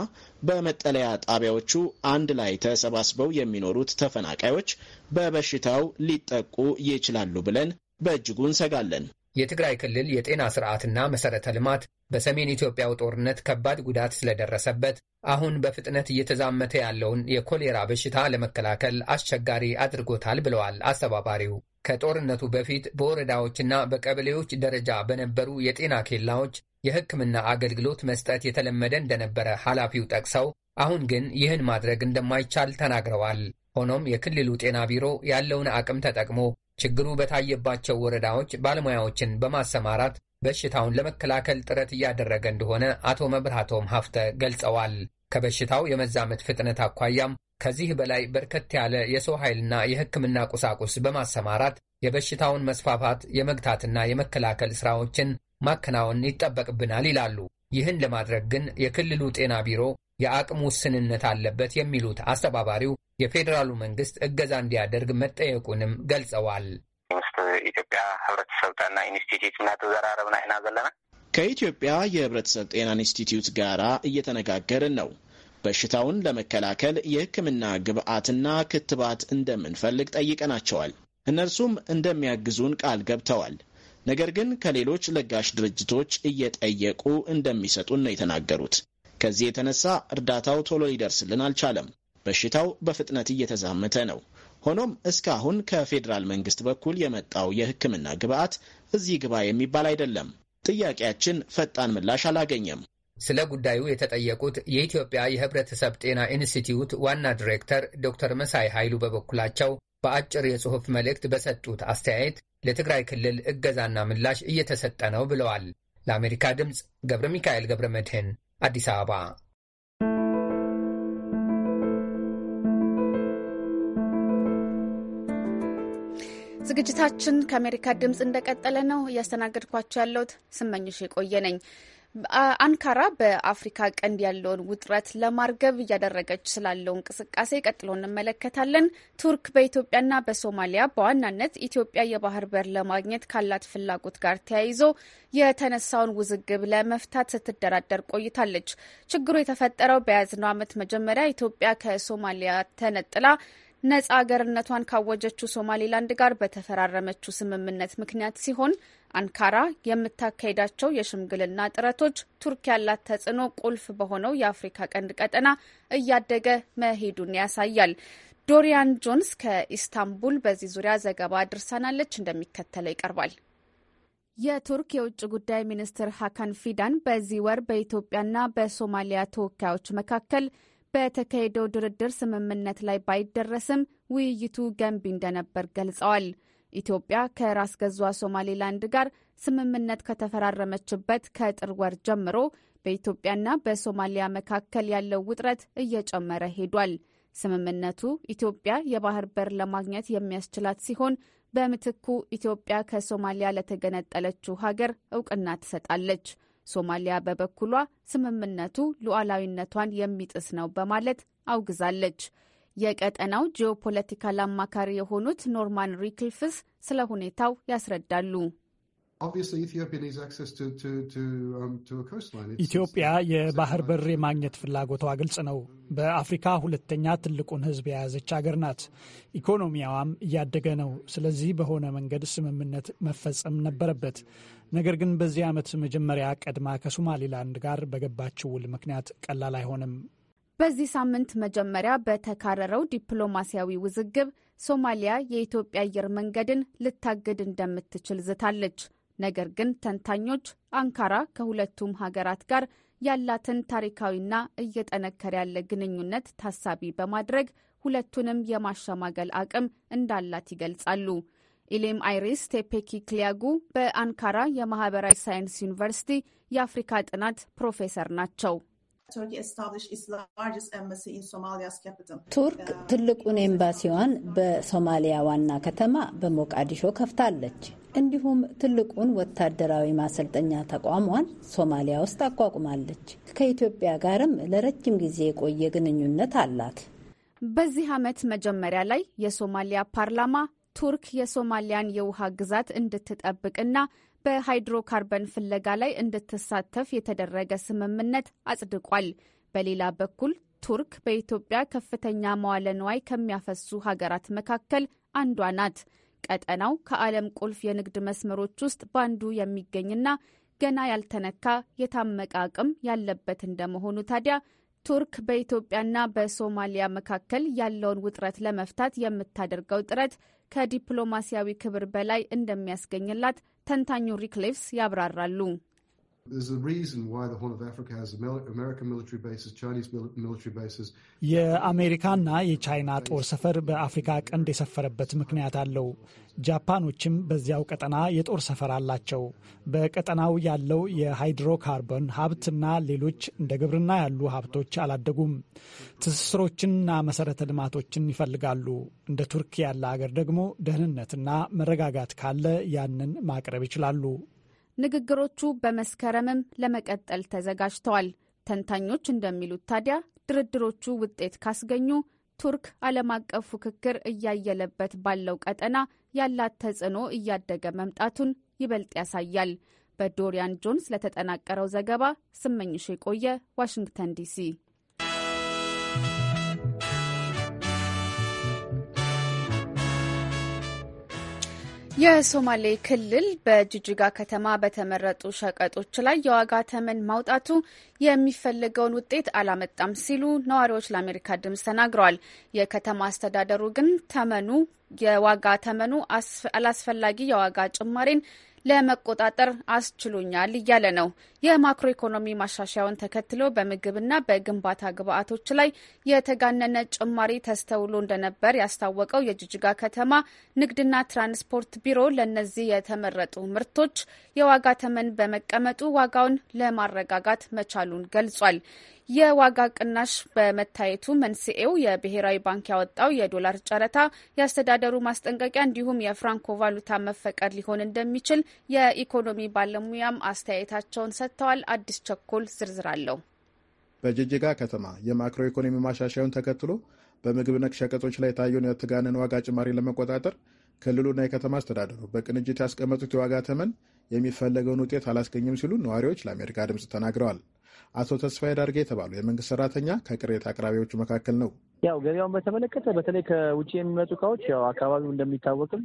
S7: በመጠለያ ጣቢያዎቹ አንድ ላይ ተሰባስበው የሚኖሩት ተፈናቃዮች በበሽታው ሊጠቁ ይችላሉ ብለን በእጅጉ እንሰጋለን። የትግራይ ክልል
S10: የጤና ስርዓትና መሠረተ ልማት በሰሜን ኢትዮጵያው ጦርነት ከባድ ጉዳት ስለደረሰበት አሁን በፍጥነት እየተዛመተ ያለውን የኮሌራ በሽታ ለመከላከል አስቸጋሪ አድርጎታል ብለዋል አስተባባሪው። ከጦርነቱ በፊት በወረዳዎችና በቀበሌዎች ደረጃ በነበሩ የጤና ኬላዎች የሕክምና አገልግሎት መስጠት የተለመደ እንደነበረ ኃላፊው ጠቅሰው አሁን ግን ይህን ማድረግ እንደማይቻል ተናግረዋል። ሆኖም የክልሉ ጤና ቢሮ ያለውን አቅም ተጠቅሞ ችግሩ በታየባቸው ወረዳዎች ባለሙያዎችን በማሰማራት በሽታውን ለመከላከል ጥረት እያደረገ እንደሆነ አቶ መብራቶም ሀፍተ ገልጸዋል። ከበሽታው የመዛመት ፍጥነት አኳያም ከዚህ በላይ በርከት ያለ የሰው ኃይልና የሕክምና ቁሳቁስ በማሰማራት የበሽታውን መስፋፋት የመግታትና የመከላከል ሥራዎችን ማከናወን ይጠበቅብናል ይላሉ። ይህን ለማድረግ ግን የክልሉ ጤና ቢሮ የአቅም ውስንነት አለበት የሚሉት አስተባባሪው የፌዴራሉ መንግስት እገዛ እንዲያደርግ መጠየቁንም ገልጸዋል። ኢትዮጵያ ህብረተሰብ ጤና ኢንስቲትዩት እናተዘራረብና
S7: ይና ዘለና ከኢትዮጵያ የህብረተሰብ ጤና ኢንስቲትዩት ጋራ እየተነጋገርን ነው። በሽታውን ለመከላከል የህክምና ግብዓትና ክትባት እንደምንፈልግ ጠይቀናቸዋል። እነርሱም እንደሚያግዙን ቃል ገብተዋል። ነገር ግን ከሌሎች ለጋሽ ድርጅቶች እየጠየቁ እንደሚሰጡን ነው የተናገሩት። ከዚህ የተነሳ እርዳታው ቶሎ ሊደርስልን አልቻለም። በሽታው በፍጥነት እየተዛመተ ነው። ሆኖም እስካሁን ከፌዴራል መንግስት በኩል የመጣው የሕክምና ግብዓት እዚህ ግባ የሚባል አይደለም። ጥያቄያችን ፈጣን ምላሽ አላገኘም።
S10: ስለ ጉዳዩ የተጠየቁት የኢትዮጵያ የህብረተሰብ ጤና ኢንስቲትዩት ዋና ዲሬክተር ዶክተር መሳይ ኃይሉ በበኩላቸው በአጭር የጽሑፍ መልእክት በሰጡት አስተያየት ለትግራይ ክልል እገዛና ምላሽ እየተሰጠ ነው ብለዋል። ለአሜሪካ ድምፅ ገብረ ሚካኤል ገብረ መድህን አዲስ አበባ።
S1: ዝግጅታችን ከአሜሪካ ድምፅ እንደቀጠለ ነው። እያስተናገድኳቸው ያለሁት ስመኝሽ የቆየ ነኝ። አንካራ በአፍሪካ ቀንድ ያለውን ውጥረት ለማርገብ እያደረገች ስላለው እንቅስቃሴ ቀጥሎ እንመለከታለን። ቱርክ በኢትዮጵያና በሶማሊያ በዋናነት ኢትዮጵያ የባህር በር ለማግኘት ካላት ፍላጎት ጋር ተያይዞ የተነሳውን ውዝግብ ለመፍታት ስትደራደር ቆይታለች። ችግሩ የተፈጠረው በያዝነው ዓመት መጀመሪያ ኢትዮጵያ ከሶማሊያ ተነጥላ ነጻ አገርነቷን ካወጀችው ሶማሌላንድ ጋር በተፈራረመችው ስምምነት ምክንያት ሲሆን አንካራ የምታካሄዳቸው የሽምግልና ጥረቶች ቱርክ ያላት ተጽዕኖ ቁልፍ በሆነው የአፍሪካ ቀንድ ቀጠና እያደገ መሄዱን ያሳያል። ዶሪያን ጆንስ ከኢስታንቡል በዚህ ዙሪያ ዘገባ አድርሳናለች፣ እንደሚከተለው ይቀርባል። የቱርክ የውጭ ጉዳይ ሚኒስትር ሀካን ፊዳን በዚህ ወር በኢትዮጵያና በሶማሊያ ተወካዮች መካከል በተካሄደው ድርድር ስምምነት ላይ ባይደረስም ውይይቱ ገንቢ እንደነበር ገልጸዋል። ኢትዮጵያ ከራስ ገዟ ሶማሌላንድ ጋር ስምምነት ከተፈራረመችበት ከጥር ወር ጀምሮ በኢትዮጵያና በሶማሊያ መካከል ያለው ውጥረት እየጨመረ ሄዷል። ስምምነቱ ኢትዮጵያ የባህር በር ለማግኘት የሚያስችላት ሲሆን በምትኩ ኢትዮጵያ ከሶማሊያ ለተገነጠለችው ሀገር እውቅና ትሰጣለች። ሶማሊያ በበኩሏ ስምምነቱ ሉዓላዊነቷን የሚጥስ ነው በማለት አውግዛለች። የቀጠናው ጂኦፖለቲካል አማካሪ የሆኑት ኖርማን ሪክልፍስ ስለ ሁኔታው ያስረዳሉ። um,
S4: ኢትዮጵያ የባህር በር
S2: የማግኘት ፍላጎቷ ግልጽ ነው። በአፍሪካ ሁለተኛ ትልቁን ሕዝብ የያዘች አገር ናት። ኢኮኖሚያዋም እያደገ ነው። ስለዚህ በሆነ መንገድ ስምምነት መፈጸም ነበረበት። ነገር ግን በዚህ ዓመት መጀመሪያ ቀድማ ከሶማሊላንድ ጋር በገባችው ውል ምክንያት ቀላል አይሆንም።
S1: በዚህ ሳምንት መጀመሪያ በተካረረው ዲፕሎማሲያዊ ውዝግብ ሶማሊያ የኢትዮጵያ አየር መንገድን ልታግድ እንደምትችል ዝታለች። ነገር ግን ተንታኞች አንካራ ከሁለቱም ሀገራት ጋር ያላትን ታሪካዊና እየጠነከረ ያለ ግንኙነት ታሳቢ በማድረግ ሁለቱንም የማሸማገል አቅም እንዳላት ይገልጻሉ። ኢሌም አይሪስ ቴፔኪ ክሊያጉ በአንካራ የማህበራዊ ሳይንስ ዩኒቨርሲቲ የአፍሪካ ጥናት ፕሮፌሰር ናቸው። ቱርክ uh, ትልቁን ኤምባሲዋን በሶማሊያ ዋና ከተማ በሞቃዲሾ ከፍታለች። እንዲሁም ትልቁን ወታደራዊ ማሰልጠኛ ተቋሟን ሶማሊያ ውስጥ አቋቁማለች። ከኢትዮጵያ ጋርም ለረጅም ጊዜ የቆየ ግንኙነት አላት። በዚህ ዓመት መጀመሪያ ላይ የሶማሊያ ፓርላማ ቱርክ የሶማሊያን የውሃ ግዛት እንድትጠብቅና በሃይድሮካርበን ፍለጋ ላይ እንድትሳተፍ የተደረገ ስምምነት አጽድቋል። በሌላ በኩል ቱርክ በኢትዮጵያ ከፍተኛ መዋለ ንዋይ ከሚያፈሱ ሀገራት መካከል አንዷ ናት። ቀጠናው ከዓለም ቁልፍ የንግድ መስመሮች ውስጥ በአንዱ የሚገኝና ገና ያልተነካ የታመቀ አቅም ያለበት እንደመሆኑ ታዲያ ቱርክ በኢትዮጵያና በሶማሊያ መካከል ያለውን ውጥረት ለመፍታት የምታደርገው ጥረት ከዲፕሎማሲያዊ ክብር በላይ እንደሚያስገኝላት ተንታኙ ሪክሌቭስ ያብራራሉ።
S2: የአሜሪካና የቻይና ጦር ሰፈር በአፍሪካ ቀንድ የሰፈረበት ምክንያት አለው። ጃፓኖችም በዚያው ቀጠና የጦር ሰፈር አላቸው። በቀጠናው ያለው የሃይድሮካርቦን ሀብትና ሌሎች እንደ ግብርና ያሉ ሀብቶች አላደጉም። ትስስሮችንና መሰረተ ልማቶችን ይፈልጋሉ። እንደ ቱርክ ያለ አገር ደግሞ ደህንነትና መረጋጋት ካለ ያንን ማቅረብ ይችላሉ።
S1: ንግግሮቹ በመስከረምም ለመቀጠል ተዘጋጅተዋል። ተንታኞች እንደሚሉት ታዲያ ድርድሮቹ ውጤት ካስገኙ ቱርክ ዓለም አቀፍ ፉክክር እያየለበት ባለው ቀጠና ያላት ተጽዕኖ እያደገ መምጣቱን ይበልጥ ያሳያል። በዶሪያን ጆንስ ለተጠናቀረው ዘገባ ስመኝሽ የቆየ ዋሽንግተን ዲሲ። የሶማሌ ክልል በጅጅጋ ከተማ በተመረጡ ሸቀጦች ላይ የዋጋ ተመን ማውጣቱ የሚፈለገውን ውጤት አላመጣም ሲሉ ነዋሪዎች ለአሜሪካ ድምፅ ተናግረዋል። የከተማ አስተዳደሩ ግን ተመኑ የዋጋ ተመኑ አላስፈላጊ የዋጋ ጭማሪን ለመቆጣጠር አስችሎኛል እያለ ነው። የማክሮ ኢኮኖሚ ማሻሻያውን ተከትሎ በምግብና በግንባታ ግብአቶች ላይ የተጋነነ ጭማሪ ተስተውሎ እንደነበር ያስታወቀው የጅጅጋ ከተማ ንግድና ትራንስፖርት ቢሮ ለእነዚህ የተመረጡ ምርቶች የዋጋ ተመን በመቀመጡ ዋጋውን ለማረጋጋት መቻሉን ገልጿል። የዋጋ ቅናሽ በመታየቱ መንስኤው የብሔራዊ ባንክ ያወጣው የዶላር ጨረታ፣ የአስተዳደሩ ማስጠንቀቂያ እንዲሁም የፍራንኮ ቫሉታ መፈቀድ ሊሆን እንደሚችል የኢኮኖሚ ባለሙያም አስተያየታቸውን ሰጥተዋል። አዲስ ቸኮል ዝርዝር አለው።
S11: በጅጅጋ ከተማ የማክሮ ኢኮኖሚ ማሻሻያውን ተከትሎ በምግብ ነክ ሸቀጦች ላይ የታየውን የትጋንን ዋጋ ጭማሪ ለመቆጣጠር ክልሉና የከተማ አስተዳደሩ በቅንጅት ያስቀመጡት የዋጋ ተመን የሚፈለገውን ውጤት አላስገኝም ሲሉ ነዋሪዎች ለአሜሪካ ድምፅ ተናግረዋል። አቶ ተስፋዬ ዳርጌ የተባሉ የመንግስት ሰራተኛ ከቅሬታ አቅራቢዎቹ መካከል ነው።
S12: ያው ገበያውን በተመለከተ በተለይ ከውጭ የሚመጡ እቃዎች ያው አካባቢው እንደሚታወቅም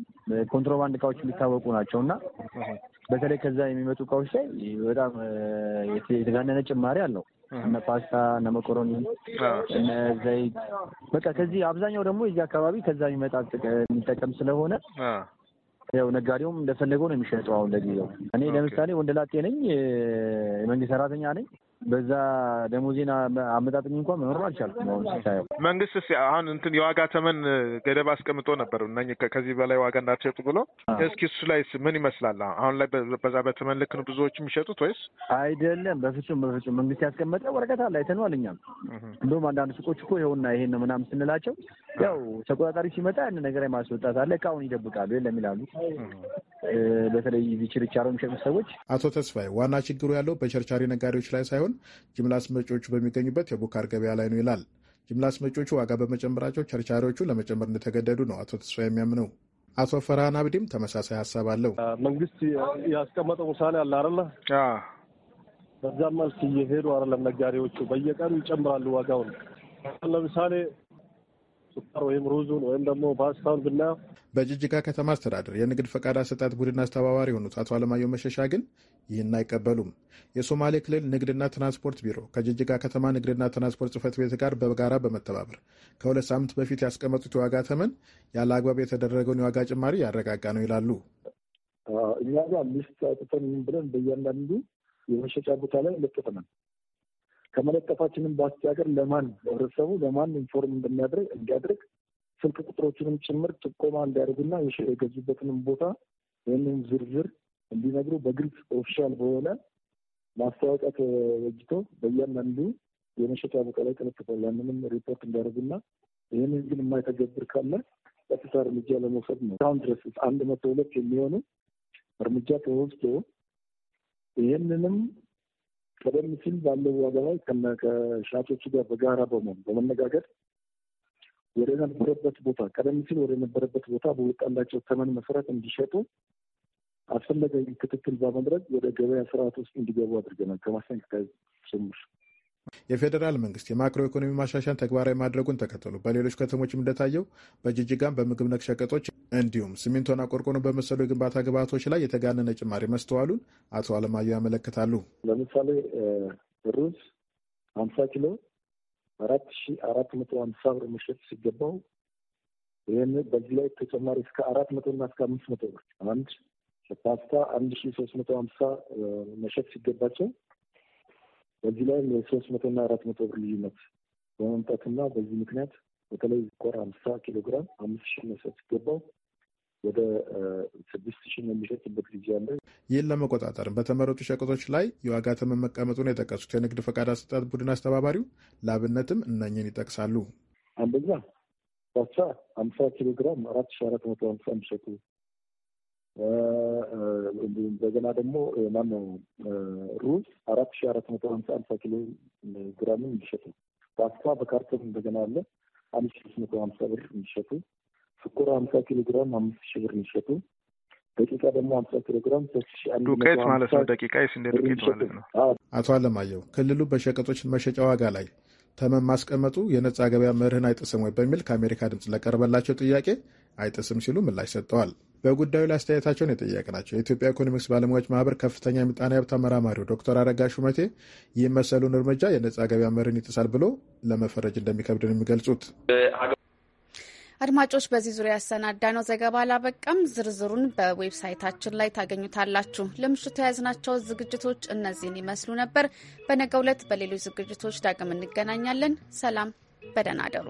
S12: ኮንትሮባንድ እቃዎች የሚታወቁ ናቸው እና በተለይ ከዛ የሚመጡ እቃዎች ላይ በጣም የተጋነነ ጭማሪ አለው። እነ ፓስታ፣ እነ መኮሮኒ፣
S11: እነ ዘይት
S12: በቃ ከዚህ አብዛኛው ደግሞ የዚህ አካባቢ ከዛ የሚመጣ የሚጠቀም ስለሆነ ያው ነጋዴውም እንደፈለገው ነው የሚሸጠው። አሁን ለጊዜው እኔ ለምሳሌ ወንደላጤ ነኝ፣ የመንግስት ሰራተኛ ነኝ። በዛ ደሞዜን አመጣጥኝ እንኳን መኖር አልቻልኩም። አሁን ሲታየው
S11: መንግስት አሁን እንትን የዋጋ ተመን ገደብ አስቀምጦ ነበር እና ከዚህ በላይ ዋጋ እንዳትሸጡ ብሎ። እስኪ እሱ ላይ ምን ይመስላል? አሁን ላይ በዛ በተመን ልክ ነው ብዙዎች የሚሸጡት ወይስ
S12: አይደለም? በፍጹም በፍጹም። መንግስት ያስቀመጠ ወረቀት አለ አይተነዋል። እኛም እንደውም አንዳንድ ሱቆች እኮ ይኸውና ይሄን ነው ምናምን ስንላቸው ያው ተቆጣጣሪ ሲመጣ ያን ነገር ማስወጣት አለ
S11: እቃውን ይደብቃሉ የለም ይላሉ። በተለይ ችርቻሮ የሚሸጡ ሰዎች። አቶ ተስፋዬ ዋና ችግሩ ያለው በቸርቻሪ ነጋዴዎች ላይ ሳይሆን ጅምላ አስመጪዎቹ በሚገኙበት የቡካር ገበያ ላይ ነው ይላል። ጅምላ አስመጪዎቹ ዋጋ በመጨመራቸው ቸርቻሪዎቹ ለመጨመር እንደተገደዱ ነው አቶ ተስፋዬ የሚያምነው። አቶ ፈርሃን አብዲም ተመሳሳይ ሀሳብ አለው።
S12: መንግስት ያስቀመጠው ውሳኔ አለ አይደለ? በዛ መልክ እየሄዱ አይደለም ነጋዴዎቹ በየቀኑ ይጨምራሉ ዋጋውን ለምሳሌ ስኳር ወይም ሩዙን ወይም ደግሞ ፓስታውን ብናየው
S11: በጅጅጋ ከተማ አስተዳደር የንግድ ፈቃድ አሰጣት ቡድን አስተባባሪ የሆኑት አቶ አለማየሁ መሸሻ ግን ይህን አይቀበሉም። የሶማሌ ክልል ንግድና ትራንስፖርት ቢሮ ከጅጅጋ ከተማ ንግድና ትራንስፖርት ጽሕፈት ቤት ጋር በጋራ በመተባበር ከሁለት ሳምንት በፊት ያስቀመጡት የዋጋ ተመን ያለ አግባብ የተደረገውን የዋጋ ጭማሪ ያረጋጋ ነው ይላሉ።
S12: እኛ ጋር ሚስት አውጥተን ብለን በእያንዳንዱ የመሸጫ ቦታ ላይ ለጥፈናል። ከመለጠፋችንም ባስቸገር ለማን ለህብረተሰቡ ለማን ኢንፎርም እንደሚያደርግ እንዲያደርግ ስልክ ቁጥሮችንም ጭምር ጥቆማ እንዲያደርጉና የገዙበትንም ቦታ ይህንም ዝርዝር እንዲነግሩ በግልጽ ኦፊሻል በሆነ ማስታወቂያ ተበጅቶ በእያንዳንዱ የመሸጫ ቦታ ላይ ተለጥፏል። ያንንም ሪፖርት እንዲያደርጉና ይህንን ግን የማይተገብር ካለ ቀጥታ እርምጃ ለመውሰድ ነው። አሁን ድረስ አንድ መቶ ሁለት የሚሆኑ እርምጃ ተወስዶ ይህንንም ቀደም ሲል ባለው ዋጋ ላይ ከሻጮቹ ጋር በጋራ በመሆን በመነጋገር ወደ ነበረበት ቦታ ቀደም ሲል ወደ ነበረበት ቦታ በወጣላቸው ተመን መሰረት እንዲሸጡ አስፈላጊ ክትትል በማድረግ ወደ ገበያ ስርዓት ውስጥ እንዲገቡ አድርገናል። ከማስጠንቀቂያ ጭምር
S11: የፌዴራል መንግስት የማክሮ ኢኮኖሚ ማሻሻያን ተግባራዊ ማድረጉን ተከትሎ በሌሎች ከተሞችም እንደታየው በጅጅጋም በምግብ ነክ ሸቀጦች እንዲሁም ሲሚንቶና ቆርቆኖ በመሰሉ የግንባታ ግብዓቶች ላይ የተጋነነ ጭማሪ መስተዋሉን አቶ አለማየሁ ያመለክታሉ።
S12: ለምሳሌ ሩዝ ሀምሳ ኪሎ አራት ሺ አራት መቶ ሀምሳ ብር መሸጥ ሲገባው ይህን በዚህ ላይ ተጨማሪ እስከ አራት መቶ እና እስከ አምስት መቶ ብር አንድ ፓስታ አንድ ሺ ሶስት መቶ ሀምሳ መሸጥ ሲገባቸው በዚህ ላይ መቶ መቶና አራት መቶ ብር ልዩነት በመምጣትና በዚህ ምክንያት በተለይ ቆር አምሳ ኪሎ ግራም አምስት ሺ መሰት ሲገባው ወደ ስድስት ሺህ የሚሸጥበት ጊዜ አለ።
S11: ይህን ለመቆጣጠር በተመረጡ ሸቀጦች ላይ የዋጋ ተመን መቀመጡን የጠቀሱት የንግድ ፈቃድ አሰጣጥ ቡድን አስተባባሪው ለአብነትም እነኝን ይጠቅሳሉ።
S12: አንደኛ ባቻ አምሳ ኪሎ ግራም አራት ሺ አራት መቶ አምሳ የሚሸጡ እንደገና ደግሞ ማን ሩዝ አራት ሺ አራት መቶ ሀምሳ አምሳ ኪሎ ግራምን የሚሸጡ ፓስታ በካርቶን እንደገና አለ አንድ ሺ ስድስት መቶ ሀምሳ ብር የሚሸጡ ስኮራ ሀምሳ ኪሎ ግራም አምስት ሺ ብር የሚሸጡ ደቂቃ ደግሞ ሀምሳ ኪሎ ግራም ሶስት ሺ አንድ ዱቄት ማለት ነው።
S11: ደቂቃ የስንዴ ዱቄት ማለት ነው። አቶ አለማየሁ ክልሉ በሸቀጦች መሸጫ ዋጋ ላይ ተመን ማስቀመጡ የነጻ ገበያ መርህን አይጥስም ወይ በሚል ከአሜሪካ ድምፅ ለቀረበላቸው ጥያቄ አይጥስም ሲሉ ምላሽ ሰጥተዋል። በጉዳዩ ላይ አስተያየታቸውን የጠየቅናቸው የኢትዮጵያ ኢኮኖሚክስ ባለሙያዎች ማህበር ከፍተኛ የምጣኔ ሀብት አመራማሪው ዶክተር አረጋ ሹመቴ ይህ መሰሉን እርምጃ የነጻ ገበያ መርን ይጥሳል ብሎ ለመፈረጅ እንደሚከብድ ነው የሚገልጹት።
S1: አድማጮች በዚህ ዙሪያ ያሰናዳ ነው ዘገባ አላበቃም። ዝርዝሩን በዌብሳይታችን ላይ ታገኙታላችሁ። ለምሽቱ የያዝናቸው ዝግጅቶች እነዚህን ይመስሉ ነበር። በነገው ዕለት በሌሎች ዝግጅቶች ዳግም እንገናኛለን። ሰላም፣ በደህና አደሩ።